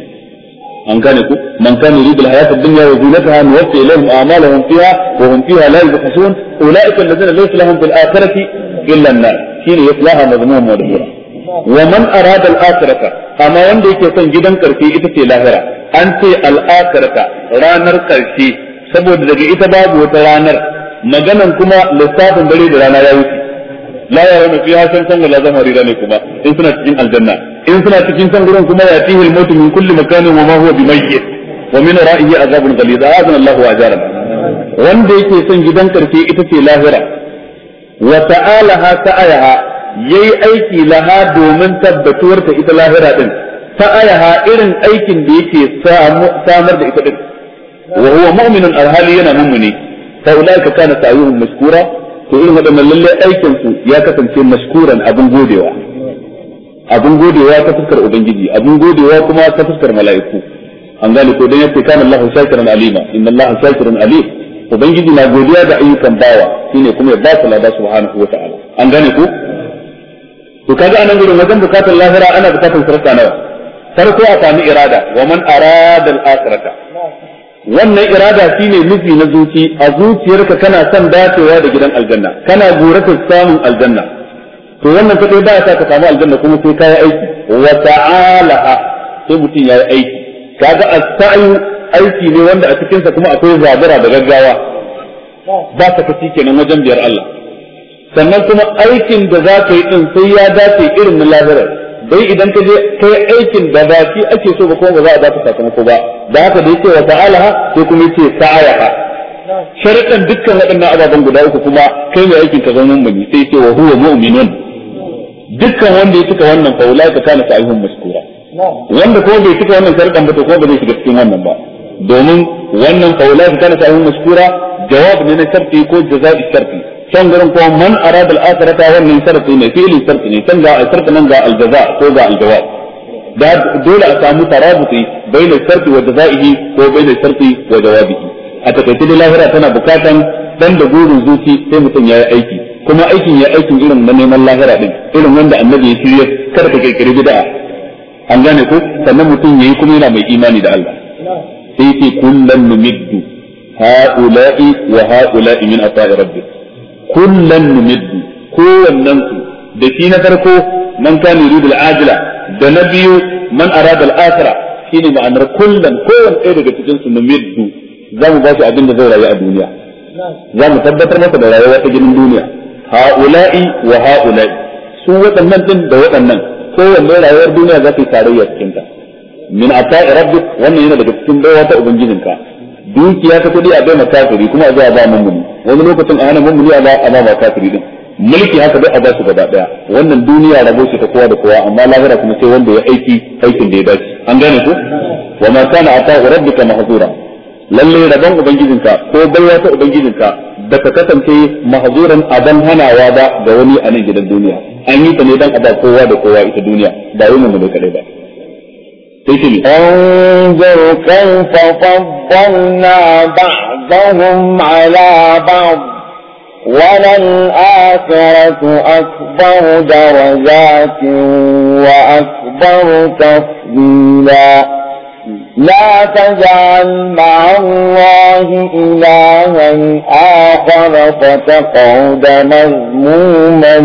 an gane ku man kana yuridu al-hayata ad-dunya wa zinataha nuwaffi ilayhim a'malahum fiha wa hum fiha la yubkhsun ulaika alladhina laysa lahum fil akhirati illa an-nar shine yaslaha mazmuman madhura wa man arada al-akhirata amma wanda yake son gidan karfi ita ce lahira an ce al-akhirata ranar karshe saboda daga ita babu wata ranar maganan kuma lissafin dare da rana ya wuce la yarawna fiha shamsan wala zamarira ne kuma in suna cikin aljanna in suna cikin san gurin kuma ya tihil mautu min kulli makanin wa ma huwa bimayyit wa min ra'ihi azabun ghalid azan Allahu ajaran wanda yake son gidan karfe ita ce lahira wa ta'alaha ta'ayaha yayi aiki laha domin tabbatuwar ta ita lahira din ta'ayaha irin aikin da yake samar da ita din wa huwa mu'minun alhali yana mummuni fa ulaika kana sa'yuhum mashkura to irin wadannan lalle aikin ya kasance mashkuran abin godewa abin godewa ta fuskar ubangiji abin godewa kuma ta fuskar mala'iku an ko dan yace kana Allahu shakiran alima inna Allaha shakirun alim ubangiji na godiya da ayyukan bawa shine kuma ya ba su wa ta'ala an gane ko to kaga anan gurin wajen bukatar lahira ana bukatar sarka nawa farko a sami irada wa man arada wannan irada shine nufi na zuci a zuciyarka kana son dacewa da gidan aljanna kana guratar samun aljanna to wannan kadai ba sa ka samu aljanna kuma sai ka yi aiki wa ta'ala sai mutum ya yi aiki kaga as-sa'yu aiki ne wanda a cikinsa kuma akwai zabura da gaggawa ba ta kaci kenan wajen biyar Allah sannan kuma aikin da za ka yi din sai ya dace irin na lahirar dai idan ka je kai aikin da ba shi ake so ba kuma ba za a baka sakamako ba da haka da yake wa ta'alaha sai kuma yace ha. sharaɗan dukkan waɗannan ababen guda uku kuma kai ne aikin ka zama mummuni sai yace wa huwa mu'minun dukkan wanda ya cika wannan fa ulai ka kana sa'ihun maskura wanda ko bai cika wannan sharaɗan ba to ko ba zai shiga cikin wannan ba domin wannan fa ulai ka kana sa'ihun maskura jawab ne na sharti ko jaza'i sharti can gurin kuma man arada al-akhirata wannan sharfi ne fi'li sharfi ne can ga al-sharfi nan ga al-jaza ko ga al-jawab da dole a samu tarabuti baina sharfi wa jazaihi ko baina sharfi wa jawabihi a takaice da lahira tana bukatan dan da gurin zuci sai mutum ya yi aiki kuma aikin ya aikin irin na neman lahira din irin wanda annabi ya shirye kar ka kirkiri bid'a an gane ku, sannan mutum yayi kuma yana mai imani da Allah sai ce kullan numiddu ha'ula'i wa ha'ula'i min ata'i rabbik kullan numiddu kowannen su da shi na farko man kana yuridu al da na biyu man arada al-akhira shine ma'anar kullan kowanne ɗaya daga cikin su numiddu za mu ba shi abin da zai rayu a duniya za mu tabbatar masa da rayuwa ta gidan duniya ha'ula'i wa ha'ula'i su waɗannan din da waɗannan kowanne rayuwar duniya za ta yi tarayya cikin ta min ata'i rabbik wannan yana daga cikin baiwa ta ubangijinka dukiya ta kudi a bai ma kafiri kuma a zuwa ba mummuni wani lokacin a hana mummuni a ba ma kafiri din mulki haka dai a ba su gaba daya wannan duniya rabo ce ta kowa da kowa amma lahira kuma sai wanda ya aiki aikin da ya dace an gane ko wa ma kana ata rabbika mahzura lalle rabon ubangijinka ko baiwa ta ubangijinka da ka kasance mahzuran adan hanawa ba ga wani a nan gidan duniya an yi ta ne dan a ba kowa da kowa ita duniya ba wani mu ne kadai ba انظر كيف فضلنا بعضهم على بعض وللآخرة أكبر درجات وأكبر تفضيلا لا تجعل مع الله إلها آخر فتقعد مذموما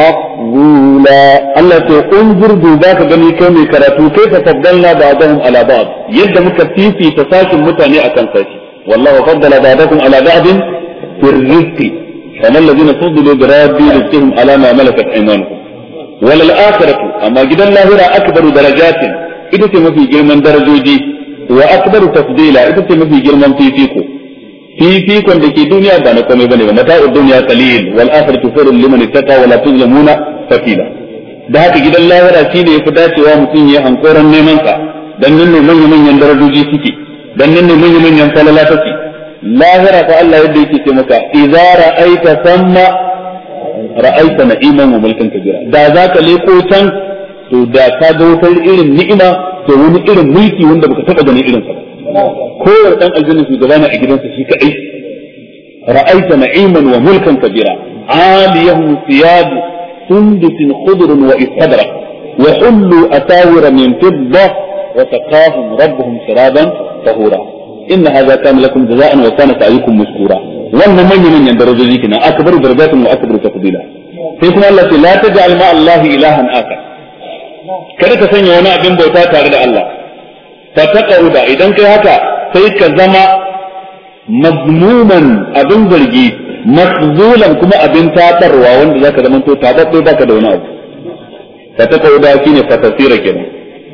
مقبولا الله تقول انظر بذاك بني كم كرتو كيف فضلنا بعضهم على بعض يد مكفي في تساكن متعني أكن والله فضل بعضكم على بعض في الرزق فما الذين فضلوا برب رزقهم على ما ملكت أيمانهم وللآخرة أما جدا الله أكبر درجات ita ce mafi girman darajoji wa akbaru tafdila ita ce mafi girman fifiko fifikon da ke duniya ba na komai bane ba Na mata'ud dunya qalil wal akhiratu khairun liman ittaqa wa la tuzlamuna fatila da haka gidan lahira shine fi dacewa mutum ya hankoran neman ka. dan nan ne manyan manyan darajoji suke dan nan ne manyan manyan falala take lahira ko Allah yadda yake ce maka idza ra'aita samma ra'aita na'iman wa mulkan kabira da zaka leko can to da ka ga wutar irin ni'ima da wani irin mulki wanda baka taba ganin irin sa ko kowar dan aljanna shugaba ne a gidansa shi kadai ra'aita na'iman wa mulkan kabira aliyahu thiyab sundus khudr wa istabra wa hullu asawira min fidda wa taqahum rabbuhum siradan tahura inna hadha kana lakum jazaa'an wa kana sa'yukum mashkura wannan manyan manyan darajoji kenan akbar darajatun wa akbar tafdila sai kuma Allah ce la taj'al ma Allah ilahan akar kada ka sanya wani abin bauta tare da Allah fa taqauda idan kai haka sai ka zama mazmuman abin zargi mazlulan kuma abin tatarwa wanda zaka zama to tababbe baka da wani abu fa taqauda shine fa tasira kenan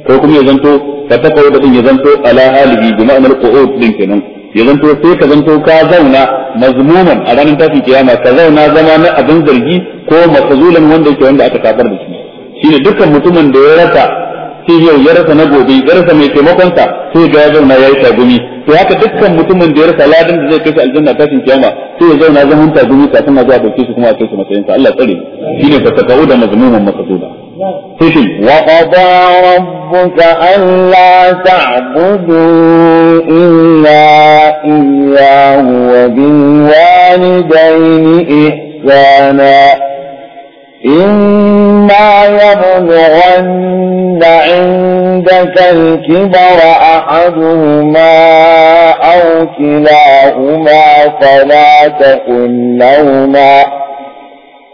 ko kuma ya zanto fa taqauda din ya zanto ala halihi bi ma'anar qu'ud din kenan ya zanto sai ka zanto ka zauna mazmuman a ranar tafi kiyama ka zauna zama na abin zargi ko mazlulan wanda yake wanda aka tabar da shine dukkan mutumin da ya rasa sai yau ya rasa na gobe ya rasa mai taimakon sa sai ga ya na yayi tagumi to haka dukkan mutumin da ya rasa ladan da zai kai shi aljanna kiyama sai ya zauna zaman tagumi kafin a zuwa dauke shi kuma a kai shi matsayin sa Allah tsare shine fa takau da mazmuman maqduda sai shi wa qada rabbuka alla ta'budu illa iyyahu wa bil walidayni ihsana إما يبلغن عندك الكبر أحدهما أو كلاهما فلا تقل لهما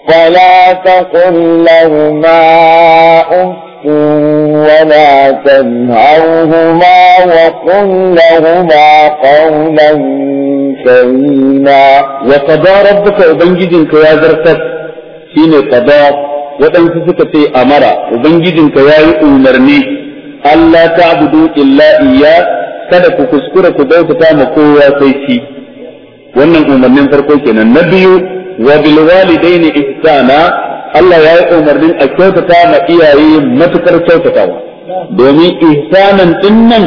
فلا تقل لهما أف ولا تنهرهما وقل لهما قولا كريما وقضى ربك وبنجدك يا ذرتك shine qada waɗansu suka ce amara ubangijinka yayi umarni Allah abudu illa iya. kada ku kuskura ku bautata ma kowa sai shi wannan umarnin farko kenan na biyu wa bil walidaini ihsana Allah ya yi umarnin a kyautata ma iyaye matukar kyautatawa domin ihsanan din nan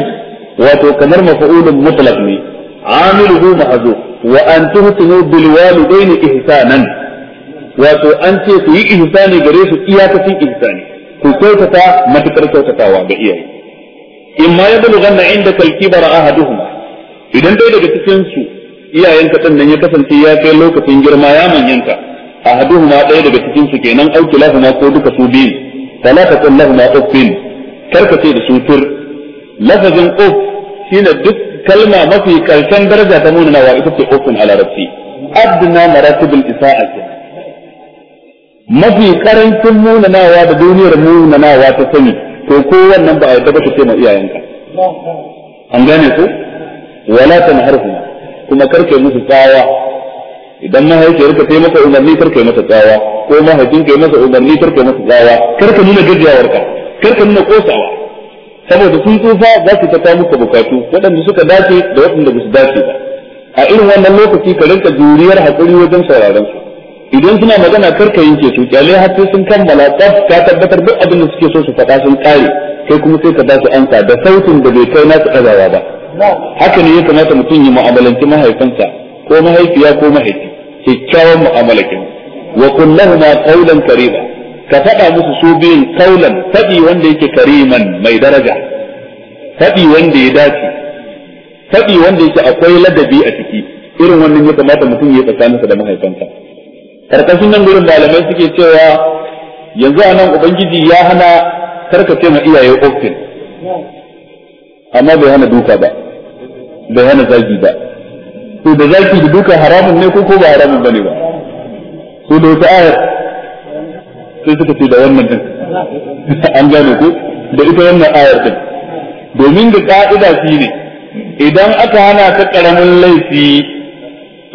wato kamar mafa'ulun mutlaq ne amiluhu mahzuf wa an tuhsinu bil walidaini ihsanan wato an ce ku yi ihsani gare su iyakacin ihsani ku kyautata matukar kyautatawa ga iyaye in ma ya bulugan na inda kalkibar ahaduhuma idan dai daga cikin su iyayen ka nan ya kasance ya kai lokacin girma ya manyanta ma ɗaya daga cikin su kenan auki lahuma ko duka su biyu fala ta qul uffin karka ce da su tur lafazin uff shine duk kalma mafi karshen daraja ta munanawa ita ce uffin a larabci adna maratibul isa'ati mafi karancin munanawa da duniyar munanawa ta sani to ko wannan ba a yadda ba ka ce ma iyayenka an gane ku wala tanharhu kuma karke musu tsawa idan mahaifiyar ka sai masa umarni karke masa tsawa ko mahaifin ka masa umarni karke masa tsawa karka nuna gajiyawar ka karka nuna kosawa saboda sun tsufa za su ta muka bukatu waɗanda suka dace da waɗanda ba su dace ba a irin wannan lokaci ka rinka juriyar haƙuri wajen sauraron su idan suna magana karka yanke su kyale har sai sun kammala tsaf ka tabbatar duk abin da suke so su faɗa sun kare kai kuma sai ka ba su ansa da sautin da bai kai nasu ɗagawa ba haka ne ya kamata mutum ya mu'amalanci mahaifinsa ko mahaifiya ko mahaifi kyakkyawan mu'amala kenan wa kullahuma qawlan karima ka faɗa musu su biyun qawlan faɗi wanda yake kariman mai daraja faɗi wanda ya dace faɗi wanda yake akwai ladabi a ciki irin wannan ya kamata mutum ya tsakaninsa da mahaifinsa karkashin nan gurin malamai suke cewa yanzu a nan ubangiji ya hana karkace ma iyaye ofin amma bai hana duka ba bai hana zagi ba to da zaki da duka haramun ne ko ko ba haramun bane ba to da wata ayar sai suka ce da wannan din an gane ku da ita wannan ayar din domin da ka'ida shi ne idan aka hana ta karamin laifi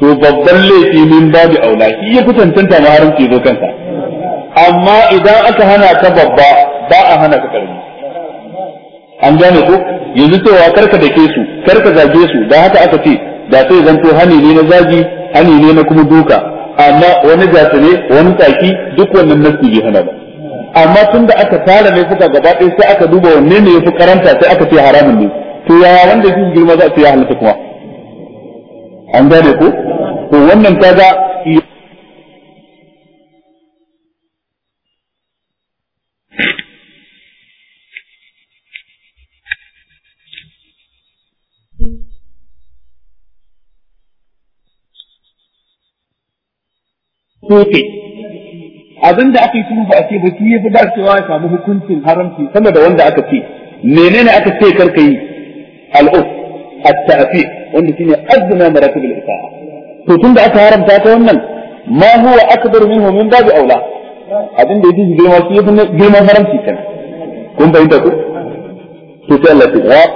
to babban laifi min babu aula shi ya kutantanta ma haramci zo kansa amma idan aka hana ka babba ba a hana ka karbi an gane ko yanzu cewa karka da ke su karka zage su da haka aka ce da sai zanto hani ne na zagi hani ne na kuma duka amma wani gasa ne wani taki duk wannan nasu bai hana ba amma tun da aka tara ne fuka gaba ɗaya sai aka duba wanne ne ya fi karanta sai aka ce haramun ne to yaya wanda shi girma za a ce ya halatta kuma an gane ko ko wannan ga soke abin da aka yi ba a ce ba shi ya fi dacewa ya samu hukuncin haramci sama da wanda aka ce menene aka ce karka yi al'uf a tafi wanda shine azna maratib al-ifa to tun da aka haramta ta wannan ma huwa akbar minhu min babu aula abin da yake girma shi yafi girman haramci kan kun bayyana ku to sai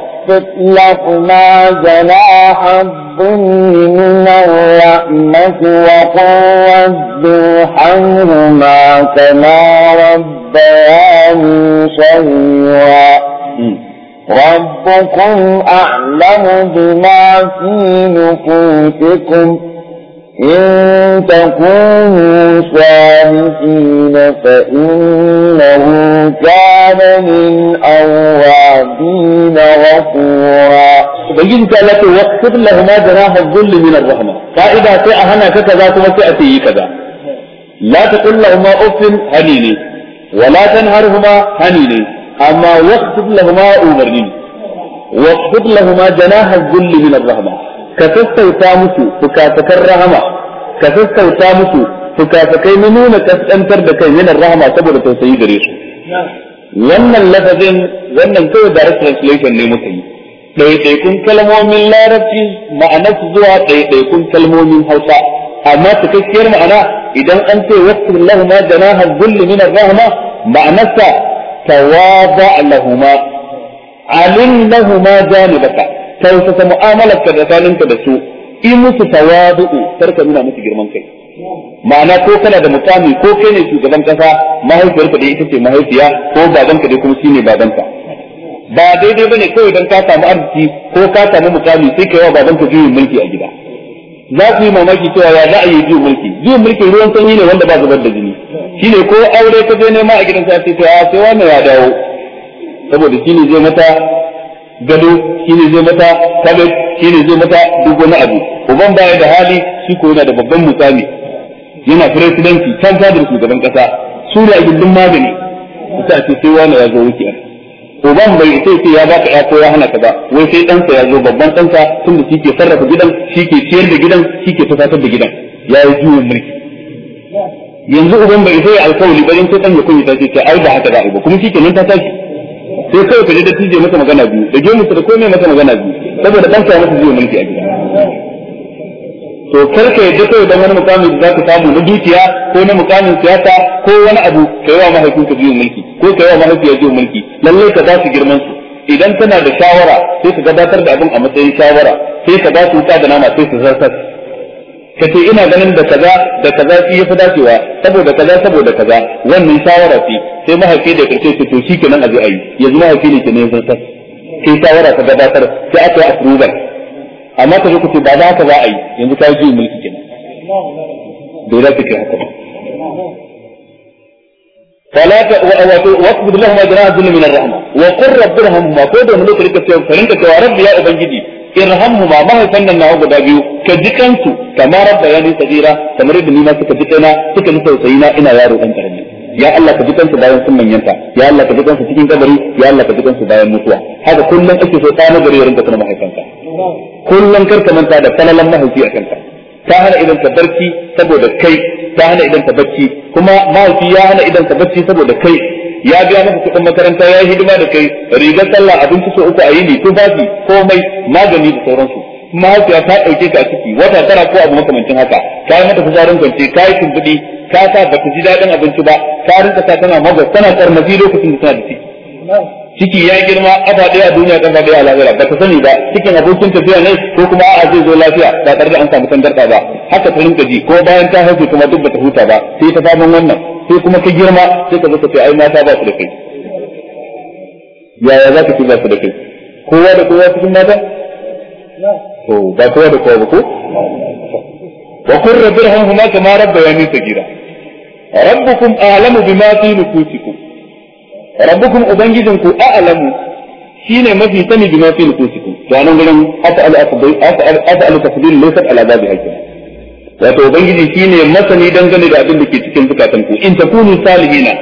Allah ya fa la فاطلقنا جناح الظل من الرحمة وقل رب ارحمهما كما rabbani صغيرا ربكم أعلم بما في نفوسكم إن تكونوا صالحين فإنه كان من أوابين غفورا بين كالتي واكتب لهما جناح الذل من الرحمة فإذا تأهنا كذا ثم تأتي كذا لا تقل لهما أف هنيني ولا تنهرهما هنيني أما واكتب لهما أمرني واكتب لهما جناح الذل من الرحمة ka sassauta musu fukafakan rahama ka sassauta musu fukafakai na nuna kaskantar da kai yanar rahama saboda tausayi gare su wannan lafazin wannan kawai direct translation ne muka yi ɗaiɗaikun kalmomin larabci ma'anarsu zuwa ɗaiɗaikun kalmomin hausa amma cikakkiyar ma'ana idan an ce wasu lahuma janaha zulli min rahma ma'anarsa tawaba lahuma alim lahuma baka tausasa mu'amalarka da tsaninka da su in musu tawadu'u tarka nuna musu girman kai ma'ana ko kana da mutami ko kai ne shugaban kasa ka da ita ce mahaifiya ko ka dai kuma shine ka ba daidai bane kawai dan ka samu arziki ko ka samu mutami sai kai wa babanka juyin mulki a gida za ku yi mamaki cewa ya za a yi juyin mulki juyin mulki ruwan sanyi ne wanda ba zubar da jini shine ko aure ka je nema a gidan sai sai a sai wannan ya dawo saboda shine zai mata gado shine zai mata kabej shine zai mata duk wani abu uban baya da hali shi ko yana da babban mutsami yana presidanci can fadar shugaban kasa su ne a gindin magani ta ce sai wani ya zo wuce uban bai sai sai ya baka ya ko ya hana ka ba wai sai ɗansa ya zo babban sa tunda shi ke sarrafa gidan shi ke ciyar da gidan shi ke tafatar da gidan ya yi juyin mulki yanzu uban bai sai alkawari bari sai ɗan ya kunyata ta ce ai ba haka ba kuma shi nan ta tashi sai kawai ka je da tije masa magana biyu da gemu da komai masa magana biyu saboda dan sa masa zuwa mulki a gida to kar ka yadda kawai dan wani mukami da zaka samu na dukiya ko na mukamin siyasa ko wani abu kai wa ka zuwa mulki ko kai wa mahaifiya zuwa mulki lalle ka ba su girman su idan kana da shawara sai ka gabatar da abin a matsayin shawara sai ka ba su ta da nama sai su zartar ka ce ina ganin da kaza da kaza shi yafi dacewa saboda kaza saboda kaza wannan shawara ce sai mahaifi da karshe ce to shi kenan a ayi yanzu mahaifi ne kenan yanzu sai sai shawara ta gabatar sai aka yi approval amma ka zo ku ce ba za ka za a yi yanzu ka ji mulki kenan bai za ka kai haka ba فلا واقبض لهما جناح الذل من الرحمه وقل رب ارحمهما كو da mun lokacin ka ce farinka cewa rabbi ya ubangiji irhamhuma mahaifan nan nawa guda biyu ka ji kansu kamar rabba ya nisa jira kamar yadda ni ma suka ji kaina suka ni tausayi na ina yaro dan karami ya Allah ka ji kansu bayan sun manyanta ya Allah ka ji kansu cikin kabari ya Allah ka ji kansu bayan mutuwa haka kullum ake so ta nagari ya rinka tuna mahaifanka kullum karka manta da falalan mahaifi a kanka ta hana idan ka barci saboda kai ta hana idan ka barci. kuma mahaifi ya hana idan ka barci saboda kai ya biya maka kuɗin makaranta ya yi hidima da kai rigar sallah abinci so uku a yini tufafi komai magani da sauransu Kuma hafiya ta ɗauke ka a ciki wata tara ko abu makamancin haka ka yi mata fitsarin kwance ka yi tumbuɗi ka sa ba ta ji daɗin abinci ba ka rinka sa tana magwa tana karnafi lokacin da tana da ciki ciki ya girma afa ɗaya a duniya ƙafa ɗaya a lahira ba ta sani ba cikin abokin tafiya ne ko kuma a'a zai zo lafiya ba tare da an samu tangarɗa ba haka ta rinka ji ko bayan ta haihu kuma duk ba ta huta ba sai ta faman wannan sai kuma ka girma sai ka zo ka ce ai mata ba su da kai yaya za ka ce ba su da kai kowa da kowa cikin mata to ba kowa da kowa ba ko wa qurra birhamhuma kama rabbayani sagira rabbukum a'lamu bima fi nufusikum rabbukum ubangijinku a'lamu shine mafi sani bima fi nufusikum to anan gurin ata al-afdal ata al-tafdil laysa al-azabi hakika wato ubangiji shine masani dangane da abin da ke cikin zukatan ku in takunu salihina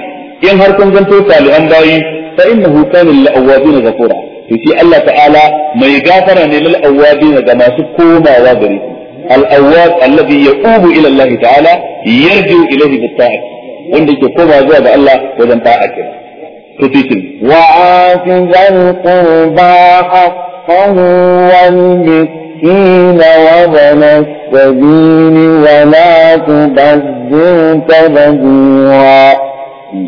in har kun zanto salihan bayi fa innahu kana lil awabin ghafura to shi Allah ta'ala mai gafara ne lil awabin ga masu komawa gare shi al awab alladhi yaubu ila Allah ta'ala yarju ilayhi bi ta'ati wanda yake komawa zuwa ga Allah wajen ta'a kenan to titin wa afizal qurba haqqahu wal الْمُشْرِكِينَ وَابْنَ السَّبِيلِ وَلَا تُبَذِّرْ تَبْذِيرًا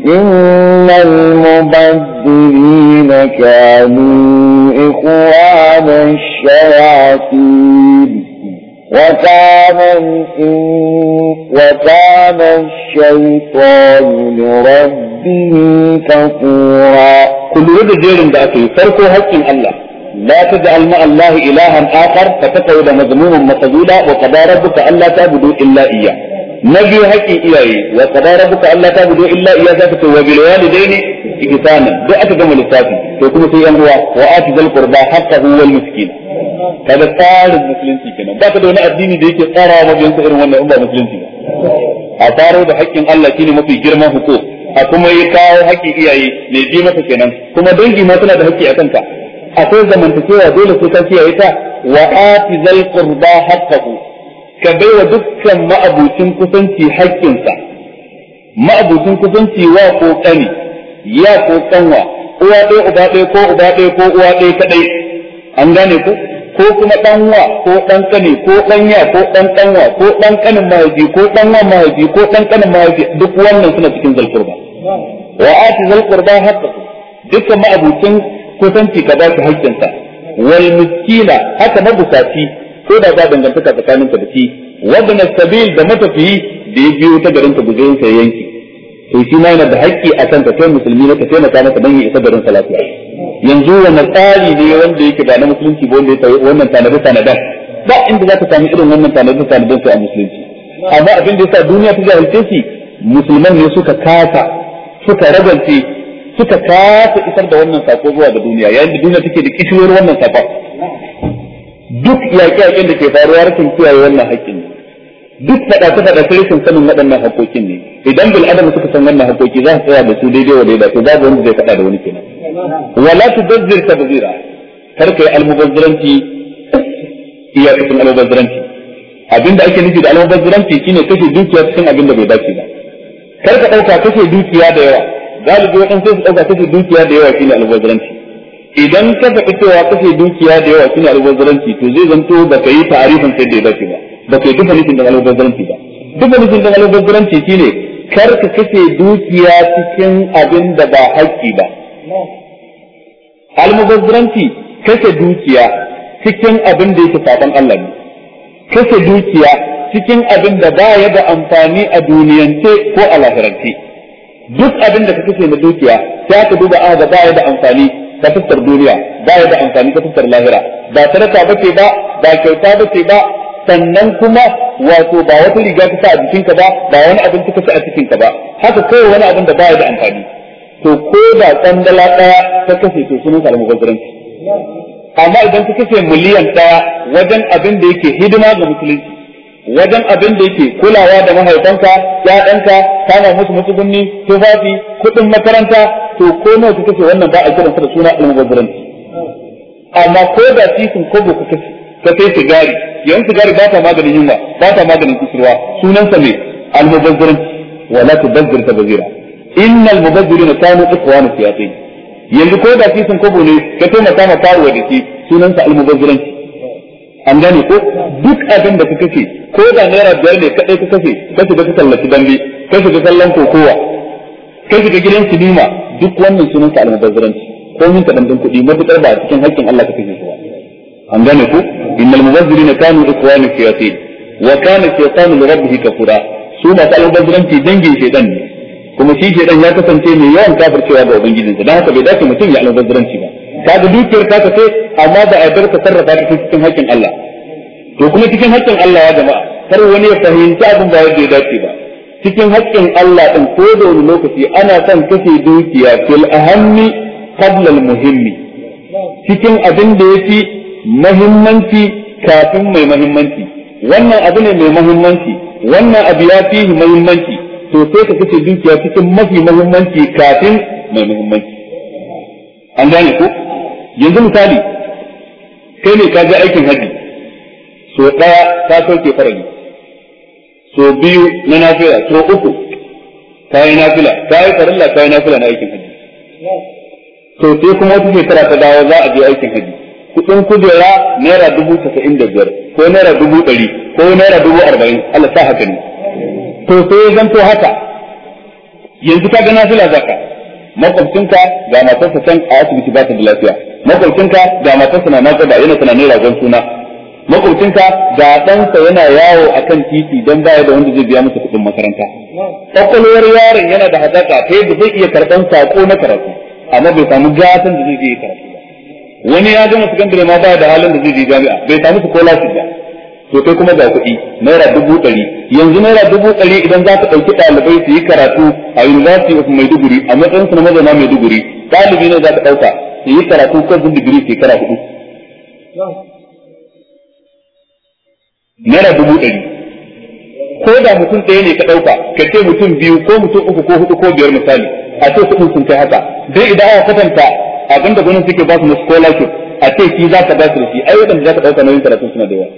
إِنَّ الْمُبَذِّرِينَ كَانُوا إِخْوَانَ الشَّيَاطِينِ وكان وكان الشيطان لربه كفورا كل رد جيرن da aka yi farko haƙƙin Allah لا تجعل مع الله إلها آخر فتقعد مذموما مخذولا وقضى ربك ألا تعبدوا إلا إياه نبي هكي إياه وقضى ربك ألا تعبدوا إلا إياه ذاك وبالوالدين إحسانا دعت جمل السافي تكون في أمر وآت ذا القربى حقه والمسكين هذا tsarin musulunci kenan ba ka da addini da yake tsara wa mabiyansa irin wannan in ba musulunci ba a tsaro da haƙƙin Allah shine mafi girman hukuk a kuma ya kawo iyaye mai bi masa kenan kuma dangi ma suna da hakki a kanka akwai zamantakewa dole sai ka kiyaye ta wa ati zal qurba haqqahu ka baiwa dukkan ma'abucin kusanci haƙƙinsa ma'abucin kusanci wa ko kani ya ko kanwa uwa ɗaya uba ɗaya ko uba ɗaya ko uwa ɗaya kaɗai an gane ku ko kuma ɗanwa ko ɗan kani ko ɗanya ko ɗan ɗanwa ko ɗan kanin mahaifi ko ɗanwa mahaifi ko ɗan kanin mahaifi duk wannan suna cikin zalkurba wa ati zalkurba haqqahu dukkan ma'abucin kusanci ka ba shi haƙƙinsa wal miskina haka mabusaci ko da ba dangantaka tsakanin ka da shi wanda na sabil da matafiyi da ya biyo ta garin ka gujerin sa yanki to shi ma yana da hakki a kan ka kai musulmi na ka taimaka masa don ya isa garin sa lafiya yanzu wannan tsari ne wanda yake da na musulunci ba wanda ya wannan tanade tanadan ba inda za ka sami irin wannan tanade tanadan sai a musulunci amma abin da yasa duniya ta jahilce shi musulman ne suka kasa suka ragance suka kasa isar da wannan sako zuwa ga duniya yayin da duniya take da kishiyar wannan sako duk yaƙe-yaƙen da ke faruwa rashin kiyaye wannan haƙƙin ne duk faɗa-faɗa faɗace-faɗace rashin sanin waɗannan haƙƙoƙin ne idan bil adam suka san wannan haƙƙoƙi za su tsaya da su daidai wa daidai to babu wanda zai faɗa da wani kenan wala tubazzir tabzira kar kai almubazziranci iyakacin almubazziranci abinda ake nufi da almubazziranci shine kashe dukiya cikin abin da bai dace ba kar ka ɗauka kashe dukiya da yawa galibi waɗansu su ɗauka kashe dukiya da yawa ne albazaranci idan ka faɗi cewa kashe dukiya da yawa ne albazaranci to zai zanto ba ka yi tarihin sai da ya ba ba ka yi duka nufin da albazaranci ba duka nufin da albazaranci shine kar ka kashe dukiya cikin abin da ba haƙƙi ba almubazzaranci kashe dukiya cikin abin da yake saban Allah ne kashe dukiya cikin abin da ba ya da amfani a duniyance ko a lahirance duk abin da ka na dukiya sai ka duba a ga baya da amfani ta fuskar duniya baya da amfani ta fuskar lahira ba sadaka bace ba ba kyauta bace ba sannan kuma wato ba wata riga ka sa a ka ba ba wani abin ka sa a cikin ka ba haka kai wani abin da baya da amfani to ko ba tsandala daya ta kashe to sunan sa almubazzaranci amma idan ka kashe miliyan daya wajen abin da yake hidima ga musulunci wajen abin da yake kulawa da mahaifanka ƴaƴanka kama musu matsugunni tufafi kuɗin makaranta to ko nawa ka kashe wannan ba a kiransa da suna almubazzaranci amma ko da titin ko ka kashe ka sai sigari yan sigari ba ta maganin yunwa ba ta maganin kusurwa sunansa ne almubazzaranci wala tubazzir tabazira innal mubazzirina kanu ikhwana shayatin yanzu ko da titin kobo ne ka taimaka ma karuwa da shi sunansa almubazzaranci an gane ko duk abin da kuka kashe ko da naira biyar ne kaɗai ka kashe ka shiga ka sallaci dambe ka shiga kallon kokowa ka shiga gidan sinima duk wannan sunan sa almubazzaranci ko min ta din kuɗi matukar ba cikin haƙƙin Allah ka kashe su ba an gane ku innal mubazzirina kanu ikhwana shayatin wa kana shaytanu li rabbih kafura su ba ta almubazzaranci dangin shaytan ne kuma shi shaytan ya kasance mai yawan kafircewa ga ubangijinsa dan haka bai dace mutum ya almubazzaranci ba kaga dukiyar ta kace amma ba a yarda ka sarrafa ta cikin haƙƙin Allah to kuma cikin haƙƙin Allah ya jama'a kar wani ya fahimci abin ba yadda ya dace ba cikin haƙƙin Allah din ko da wani lokaci ana son kashe dukiya fil ahammi qabla al muhimmi cikin abin da yake muhimmanci kafin mai muhimmanci wannan abu ne mai muhimmanci wannan abu ya fi muhimmanci to sai ka kace dukiya cikin mafi muhimmanci kafin mai muhimmanci an gane ko yanzu misali kai ne ka ga aikin haji so ɗaya ta sauke farali so biyu na nafila so uku ta yi nafila Ta yi farilla ta yi nafila na aikin haji so sai kuma wata shekara ta dawo za a je aikin haji kuɗin kujera naira dubu casa'in da biyar ko naira dubu ɗari ko naira dubu arba'in Allah sa haka ne to sai zan to haka yanzu ka ga nafila zaka makwabcinka ga matarsa can a asibiti ba ta da lafiya makwabcinka ga matarsa na naƙuda yana tunanin ragon suna makwabcinka ga ɗansa yana yawo a kan titi don baya da wanda zai biya masa kuɗin makaranta kwakwalwar yaron yana da hazaƙa ta yadda zai iya karɓan saƙo na karatu amma bai samu gatan da zai je karatu ba. wani ya gama gandare ma baya da halin da zai je jami'a bai samu su kola su ba to kai kuma ga kuɗi naira dubu ɗari yanzu naira dubu ɗari idan za ka ɗauki ɗalibai su yi karatu a university of maiduguri a matsayin su na mazauna maiduguri ɗalibi ne za ka ɗauka su yi karatu ko digiri shekara hudu naira dubu ɗari ko da mutum ɗaya ne ka ɗauka ka ce mutum biyu ko mutum uku ko hudu ko biyar misali a ce kuɗin sun kai haka dai idan aka kwatanta abin da gwamnati suke ba su na scholarship a ce shi za ka ba su da shi ai waɗanda za ka ɗauka nauyin karatun suna da yawa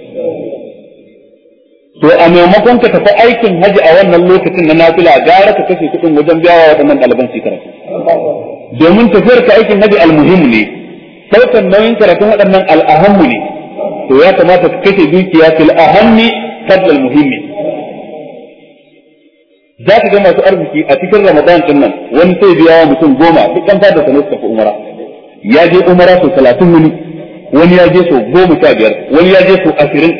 to a maimakon ka tafi aikin haji a wannan lokacin na nafila gara ka kashe kuɗin wajen biya wa waɗannan ɗaliban su karatu domin tafiyar ka aikin haji almuhim ne ɗaukar nauyin karatun waɗannan al'ahammu ne to ya kamata ka kashe dukiya fil ahammi qabla al muhimmi za ka ga masu arziki a cikin ramadan din nan wani sai biya wa mutum goma duk kan fada sanar suka fi umara ya je umara sau talatin wani wani ya je sau goma sha biyar wani ya je sau ashirin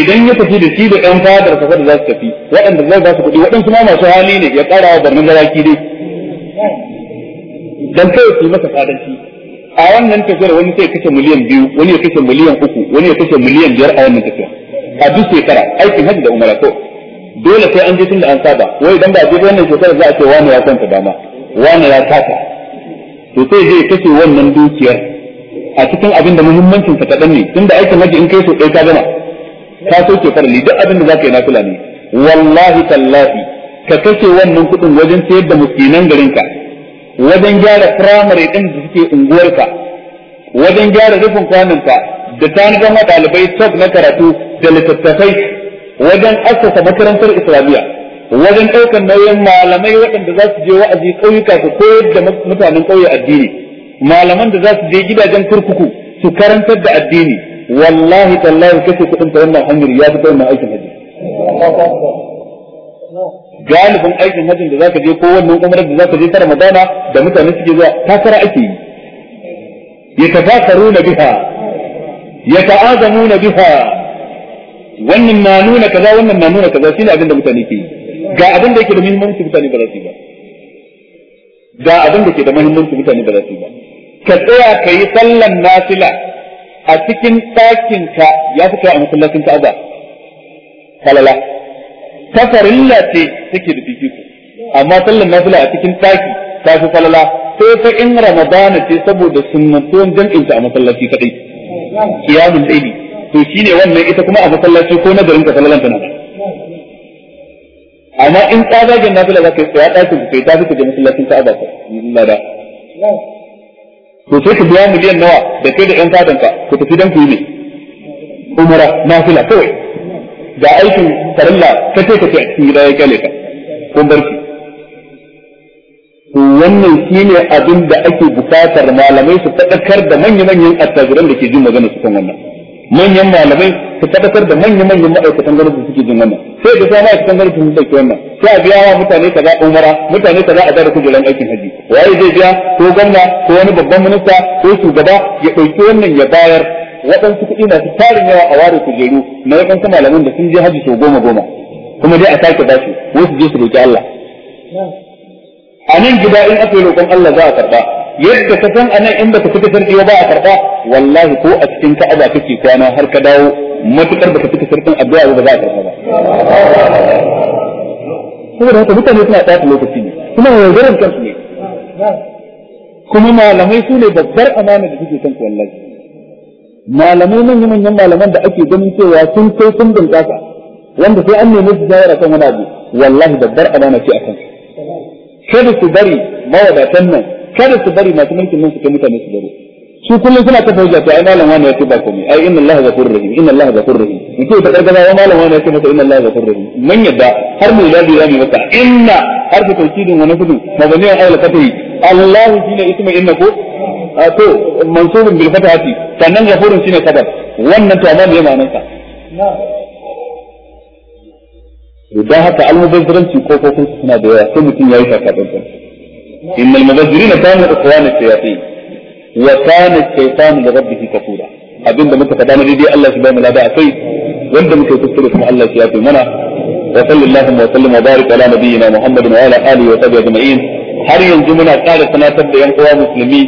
idan ya tafi da shi da ƴan fadar sa da za su tafi waɗanda zai ba su kuɗi waɗansu ma masu hali ne ya ƙara wa barnan garaki dai dan kai su masa fadanci a wannan tafiyar wani sai kashe miliyan biyu wani ya kashe miliyan uku wani ya kashe miliyan biyar a wannan tafiyar a duk shekara aikin hajji da umara ko dole sai an je tun da an saba wai idan ba a je wannan shekarar za a ce wani ya kwanta dama wani ya kasa to sai zai kashe wannan dukiyar a cikin abin da muhimmancin ka kaɗan ne tun da aikin hajji in kai so ɗaya ka gama ka so fara ni, duk abin da za ka yi nafila ne wallahi tallahi ka kashe wannan kuɗin wajen sayar da miskinan garinka wajen gyara firamare ɗin da suke unguwarka wajen gyara rufin kwanonka da tanadar ɗalibai sub na karatu da littattafai wajen assasa makarantar islamiyya wajen ɗaukar nauyin malamai waɗanda za su je wa'azi ƙauyuka su koyar da mutanen ƙauye addini malaman da za su je gidajen kurkuku su karantar da addini wallahi tallahi kace kuɗin ta wannan hanyar ya fi ta wannan aikin hajji galibin aikin hajjin da zaka je ko wannan umrar da zaka je ta Ramadana da mutane suke zuwa takara ake yi yatafakaruna biha yata'azamuna biha wannan na nuna kaza wannan na nuna kaza shine abin da mutane ke yi ga abin da yake da muhimmanci mutane ba za su ba ga abin da ke da muhimmanci mutane ba za su ba ka tsaya ka yi sallan nafila a cikin ɗakinka ya fi kai a masallacin ka'aba falala tafarilla ce take da fifiko amma sallar nafila a cikin taki ta fi falala sai ta in ramadana ce saboda sunnatuwan jam'in ta a masallaci kadai kiyamun daidi to shine wannan ita kuma a masallaci ko na garin ka sallalan ta nan amma in tsadagen nafila za ka yi tsaya ɗakin ka yi tafi ka je masallacin ka'aba ka lada to sai ka biya miliyan nawa da kai da ƴan fadan ka ku tafi dan ku yi ne umara nafila kawai ga aikin farilla ka ce ka ce a cikin gida ya kyale ka ko barci to wannan shine abin da ake bukatar malamai su fadakar da manya-manyan attajiran da ke jin magana su kan wannan manyan malamai su fadakar da manya-manyan ma'aikatan gwamnati da suke jin wannan sai da sai ma'aikatan gwamnati sun dauki wannan sai a biya wa mutane ga umara mutane kaza a da kujeran aikin haji waye zai biya ko gwamna ko wani babban minista ko shugaba ya dauki wannan ya bayar waɗansu kuɗi masu tarin yawa a ware kujeru na waɗansu malamin da sun je haji sau goma goma kuma dai a sake bashi wasu je su roki Allah a nan gida in aka yi roƙon Allah za a karɓa yadda ka san a nan in baka fita sarki ba a karɓa wallahi ko a cikin ka'aba kake kwana har ka dawo matukar baka fita sarkin addu'a ba za a karɓa ba saboda haka mutane suna ɗaci lokaci ne kuma yaudarar kansu ne kuma malamai su ne babbar amana da suke kan wallahi malamai yi manyan malaman da ake ganin cewa sun kai sun bunƙasa wanda sai an nemi su jawara kan wani abu wallahi babbar amana ce akan kada su bari mawadatan nan kada su bari masu mulkin nan su kai mutane su bari su kullum suna ta fauja ai malam wani ya ce ba komai ai inna allaha ghafurur rahim inna allaha ghafurur rahim yake ta gargaza wa malam wani ya ce masa inna allaha ghafurur rahim man yadda har mu yadi zamu masa inna har ta tawkidin wani kudu mabaniyan aula fatahi allahu shine ismu inna ko to mansubun bil fatahati sannan ghafurun shine kadar wannan to amma me ma'anarsa idan haka almubazzaranci ko su suna da yawa sai mutum yayi takatsan innal mubazzirina kanu ikhwana shayatin wa kana shaytanu li rabbih kafura abinda muka faɗa na daidai Allah shi ba mu lada akai wanda muka kuskure kuma Allah shi ya fi mana wa sallallahu wa sallam wa barik ala nabiyyina Muhammad wa ala alihi wa sahbihi ajma'in har yanzu muna ƙara sanatar da yan uwa musulmi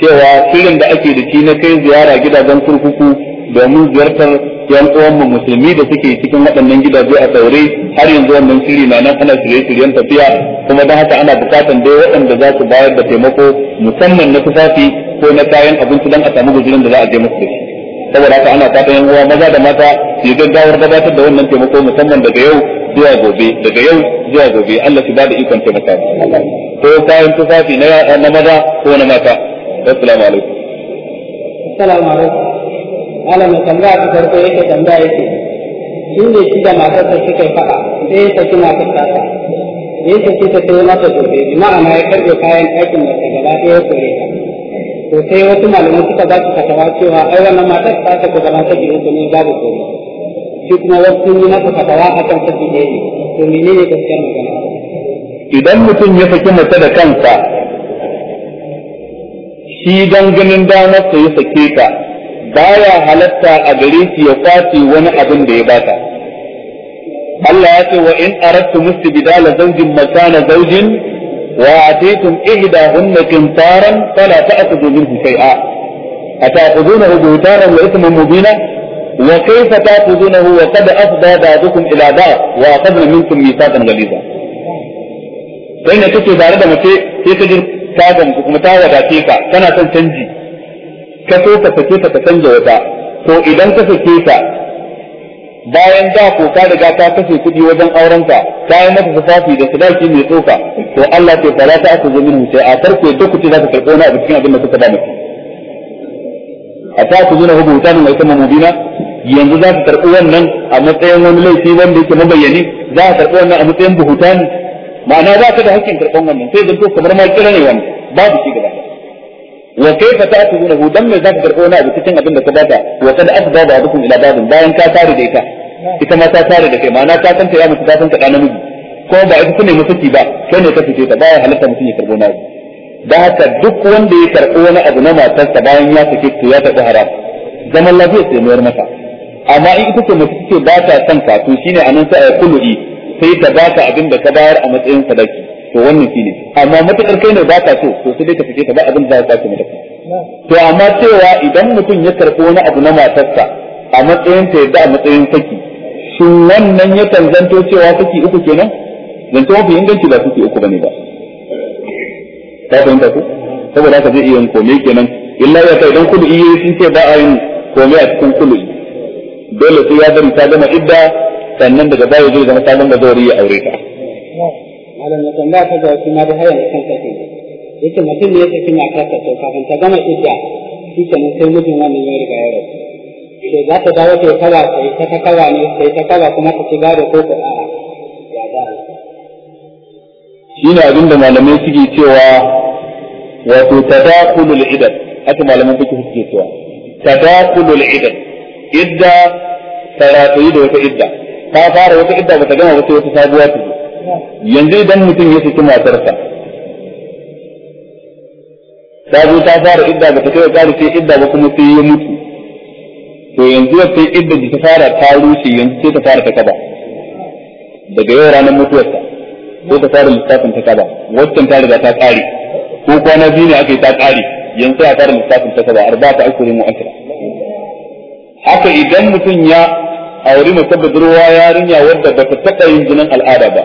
cewa shirin da ake da shi na kai ziyara gidajen kurkuku domin ziyartar yan mu musulmi da suke cikin waɗannan gidaje a daure har yanzu wannan shiri na nan ana shirye-shiryen tafiya kuma da haka ana bukatan dai waɗanda za su bayar da taimako musamman na tufafi ko na kayan abinci don a samu gujirin da za a je musu da shi saboda haka ana fatan yan uwa maza da mata su gaggawar gabatar da wannan taimako musamman daga yau zuwa gobe daga yau zuwa gobe Allah su ba da ikon taimaka ko kayan tufafi na maza ko na mata assalamu alaikum assalamu alaikum wala mai tambaya ta farko yake tambaya yake shi ne shi da matar ta suka yi faɗa sai ta kina ta tsaka ya saki ta sai mata gobe bi ma'ana ya karɓe kayan ɗakin da gaba ɗaya ya kore ta to sai wasu malamai suka ba su fatawa cewa ai wannan matar ta ta gaba ta gidan ne babu gobe shi kuma wasu yi masa fatawa a kan saki ɗaya ne to menene gaskiyar magana idan mutum ya saki mata da kansa shi dan ganin damar ta ya sake ta baya halatta a gare shi ya kwace wani abin da ya bata Allah ya ce wa in aratu istibdala zawjin makana zawjin wa atitum hunna qintaran fala ta'khudhu minhu shay'a wa ithman أتأخذونه wa kayfa مبينا wa qad afda ba'dukum ila ba'd wa وأخذنا minkum mithaqan ghaliza sai ne kake tare da mace sai ka ji ta gamsu kuma ta wadace ka kana son canji ka so ka sake ta ka canja wata to idan ka sake ta bayan da ko ka riga ka kashe kuɗi wajen aurenka ka yi mata tufafi da sadaki mai tsoka to Allah ke fara ta aka zo minhu sai a tarko da kuce za ka karɓo na a cikin abin da kuka ba miki a ta ku zuna hubu mutanen mai kuma mubina yanzu za ka karɓo wannan a matsayin wani laifi wanda yake mabayyani za ka karɓo wannan a matsayin buhutan. ma'ana za ka da hakkin karɓon wannan sai zanto kamar ma kira ne wannan babu shi wa kaifa ta'tunahu dan me zaka karbo na abu cikin abin da ka bata wa kad asba ba'dukum ila ba'din bayan ka tare da ita ita ma ta tare da kai ma'ana ta kanta ya mutu ta kanta namiji ko ba ita tune ba kai ne ka ta baya halatta mutum ya da haka duk wanda ya karbo wani abu na matarsa bayan ya sake to ya tafi haram zaman lafiya sai mayar amma in ita ce mace ce ba ta son ka to shine anan sai a kullu sai ta baka abin da ka bayar a matsayin sadaki to wannan ne amma matakar kai ne ba ka so to sai dai ka fice ka ba abin da za ka mata to amma cewa idan mutum ya karɓi wani abu na matarsa a matsayin ta yadda a matsayin saki shin wannan ya zanto cewa saki uku kenan zanto mafi inganci ba saki uku bane ba ka fahimta ku? saboda haka zai iya yin kome kenan illa ya kai idan kudu iya sun ce ba a yin kome a cikin kudu dole sai ya zama ta gama idda sannan daga baya zai zama ta gama zauri ya aure ta malam ya tambaya ta ga kuma da hayan kan ta ce yake mutum ne ya tafi na kasa to kafin ta gama idda shi ke sai mijin wannan ya riga ya rasu to za ta dawo ta kawa sai ta ta kawa ne sai ta kawa kuma ta ci gado ko ko a'a ya za shine abin da malamai suke cewa wato tadakulul idan haka malaman fiqh suke cewa tadakulul idan idda ta ratayi da wata idda ta fara wata idda ba ta gama wata wata sabuwa ta zo yanzu idan mutum ya saki matarsa ta zo ta fara idda ba ta kai ƙara sai idda ba kuma sai ya mutu to yanzu sai idda da ta fara ta rushe yanzu sai ta fara ta kaba daga yau ranar mutuwarsa ko ta fara lissafin ta kaba wancan ta riga ta ƙare ko kwana biyu ne aka yi ta ƙare yanzu sai a fara lissafin ta kaba arba ta ashirin mu ashira haka idan mutum ya auri mace ruwa yarinya wadda ba ta taɓa yin jinin al'ada ba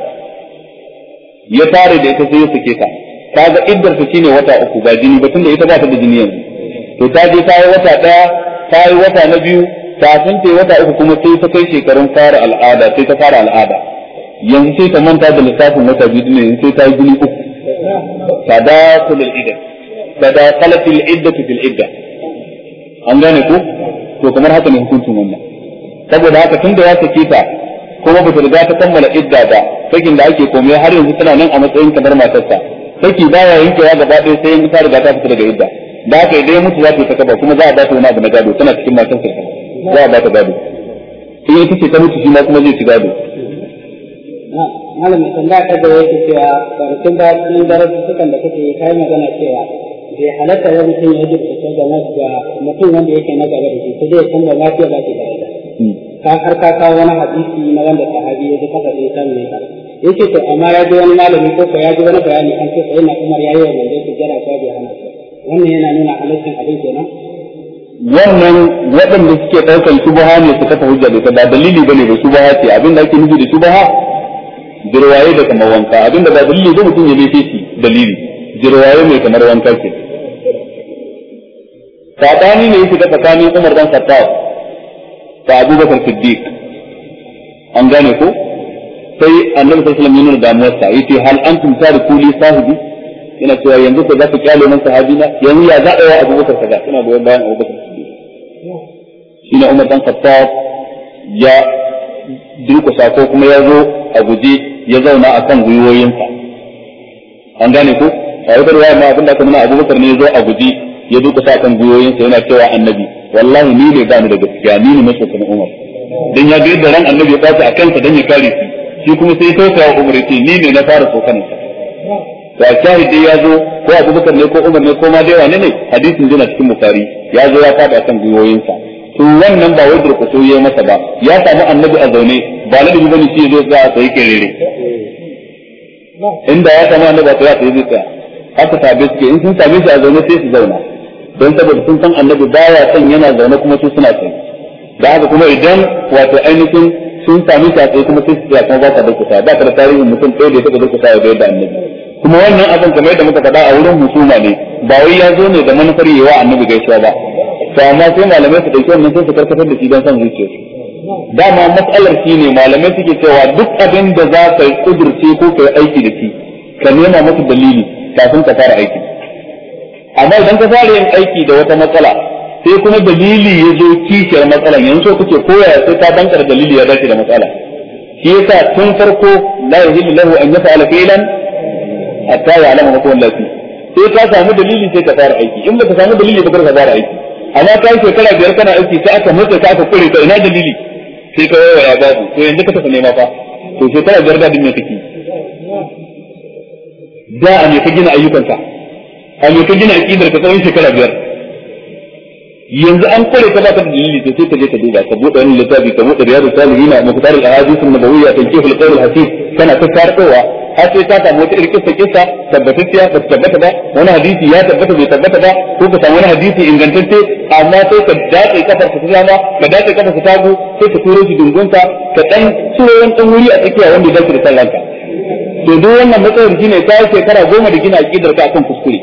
ya tare da ita sai ya sake ta kaga iddar ta shine wata uku ba jini ba tunda ita ba ta da jini yanzu to ta je ta yi wata daya ta yi wata na biyu kafin ta yi wata uku kuma sai ta kai shekarun fara al'ada sai ta fara al'ada yanzu sai ta manta da lissafin wata biyu ne yanzu sai ta yi jini uku Ta da tadakhul al-iddah tadakhalat al-iddah fil iddah an gane ku? to kamar haka ne hukuncin wannan saboda haka tunda ya sake ta kuma ba ta riga ta kammala idda ba sakin da ake komai har yanzu tana nan a matsayin kamar matarsa saki ba ya yankewa gaba ɗaya sai yanzu ta riga ta fita daga idda da aka idan mutu za ta yi takaba kuma za a ba ta wani abu na gado tana cikin matarsa za a ba ta gado in ita ce ta mutu shi ma kuma zai ci gado malam da ka da yake cewa kwanakin da cikin darussukan da kake kai magana cewa bai halatta wani mutum ya jirka game da mutum wanda yake na gaba da shi sai dai ya canza lafiya ba ke da hmm. ka har ka kawo wani hadisi na wanda sahabi ya ji kasa sai san mai ka yake to amma ya ji wani malami ko ko ya ji wani bayani an ce sai na Umar yayi wa manzo sujjada ko bai hana wannan yana nuna halaccin abin kenan wannan waɗanda suke ɗaukar subaha ne su kafa hujja da ba dalili bane da subaha ce abin da ake nufi da subaha jirwaye da kamar wanka abin da ba dalili ba mutum ya nufi shi dalili jirwaye mai kamar wanka ce sabani ne yake da tsakanin Umar dan Khattab da abubakar siddiq an gane ko sai annabi sallallahu alaihi wasallam yana damuwarsa yace hal antum tariku li sahibi yana cewa yanzu ko za ku kyale sahabi na. yanzu ya za a yi abubakar kaza ina goyon bayan abubakar siddiq shine umar dan khattab ya duka ko kuma ya zo a guje ya zauna a kan gwiwoyinsa an gane ko a wata ruwa ma abinda aka nuna abubakar ne ya zo a guje ya duka sa kan guyoyinsa yana cewa annabi wallahi ni ne ba ni da gaskiya ni ne masokin Umar dan ya ga ran annabi ya tsaya a kansa dan ya kare shi shi kuma sai tausaya wa Umar yace ni ne na fara sokan sa ga dai ya zo ko Abubakar ne ko Umar ne ko ma dai wani ne hadisin dina cikin Bukhari ya zo ya fada kan guyoyinsa to wannan ba wai so yayi masa ba ya samu annabi a zaune ba ladabi bane shi zo za a tsaye kerere inda ya samu annabi a tsaye zai tsaya haka sabe suke in sun same shi a zaune sai su zauna don saboda sun san annabi baya son yana zaune kuma su suna tsaye da haka kuma idan wato ainihin sun sami shi kuma sai su tsaya kuma ba ka dukuta ba da tarihin mutum ɗaya da ya taɓa kusa ya bayar da annabi kuma wannan abin kamar yadda muka faɗa a wurin husuma ne ba wai ya zo ne da manufar yi wa annabi gaisuwa ba to amma sai malamai su ɗauki wannan sai su karkatar da shi don son zuciyarsu dama matsalar shi ne malamai suke cewa duk abin da za ka yi kudurce ko ka yi aiki da shi ka nema masa dalili kafin ka fara aiki amma idan ka fara yin aiki da wata matsala sai kuma dalili ya zo kishiyar matsalan yanzu so kuke koya sai ka bankar dalili ya dace da matsala shi yasa tun farko la yahillu lahu an yaf'ala fi'lan hatta ya'lamu hukum lafi sai ka samu dalili sai ka fara aiki in ka samu dalili ba ka fara aiki amma ka yi shekara biyar kana aiki sai aka mutu ka aka kure ka ina dalili sai ka yawa ya babu to yanzu ka tafi nema fa to shekara biyar da me kake da a me ka gina ayyukanka a ka gina aƙidar ka tsawon shekara biyar yanzu an kware ka ta dalili to sai ka je ka duba ka buɗe wani littafi ka buɗe riyadu salihin a mukhtar al-ahadith an-nabawiyya tanqih al-qawl al-hasib kana ta karɓowa har sai ka samu wata irkin kissa tabbatacciya ba ta tabbata ba wani hadisi ya tabbata bai tabbata ba ko ka samu wani hadisi ingantacce amma sai ka dace kafar ka dama ka dace kafar ka tagu sai ka turo shi dungunta ka dan tsoro wani dan wuri a tsakiya wanda zai dace da sallanka to duk wannan matsayin shine ta shekara goma da gina aqidar ka akan kuskure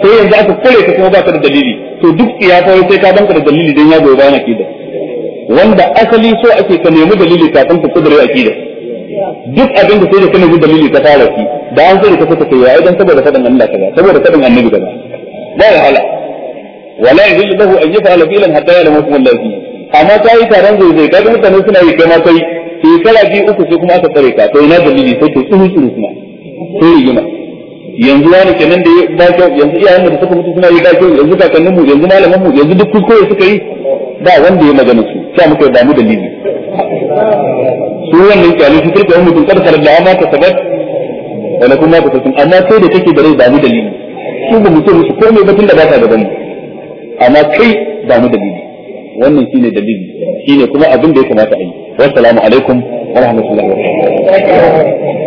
ko yanzu aka kure ka kuma baka da dalili to duk ya fa sai ka danka da dalili dan ya goyi bayan akida wanda asali so ake ka nemi dalili kafin ka kudure akida duk abin da sai da kana dalili ka fara ki da an sai ka kuka kai dan saboda fadan Allah kaza saboda fadan annabi kaza ba ya hala wala yajidu lahu an yaf'ala filan hatta ya hukum Allah fi amma ta yi taron zai zai kaga mutane suna yi kai ma kai kala biyu uku sai kuma aka tsare ka to ina dalili sai ke tsuru tsuru kuma sai rigima yanzu wani kenan da ya ba kyau yanzu iyayen da suka mutu suna yi ba kyau yanzu kakannin mu yanzu malaman mu yanzu duk kuskure suka yi ba wanda ya magana su sai muka damu dalili su wannan kyalin su kirkwa mutum karkar da ma ta sabat wala kuma ta sun amma sai da take da rai damu dalili su ba mutum su komai tun da ba ta gaban amma kai damu dalili wannan shine dalili shine kuma abin da ya kamata a yi wassalamu alaikum wa rahmatullahi wa barakatuh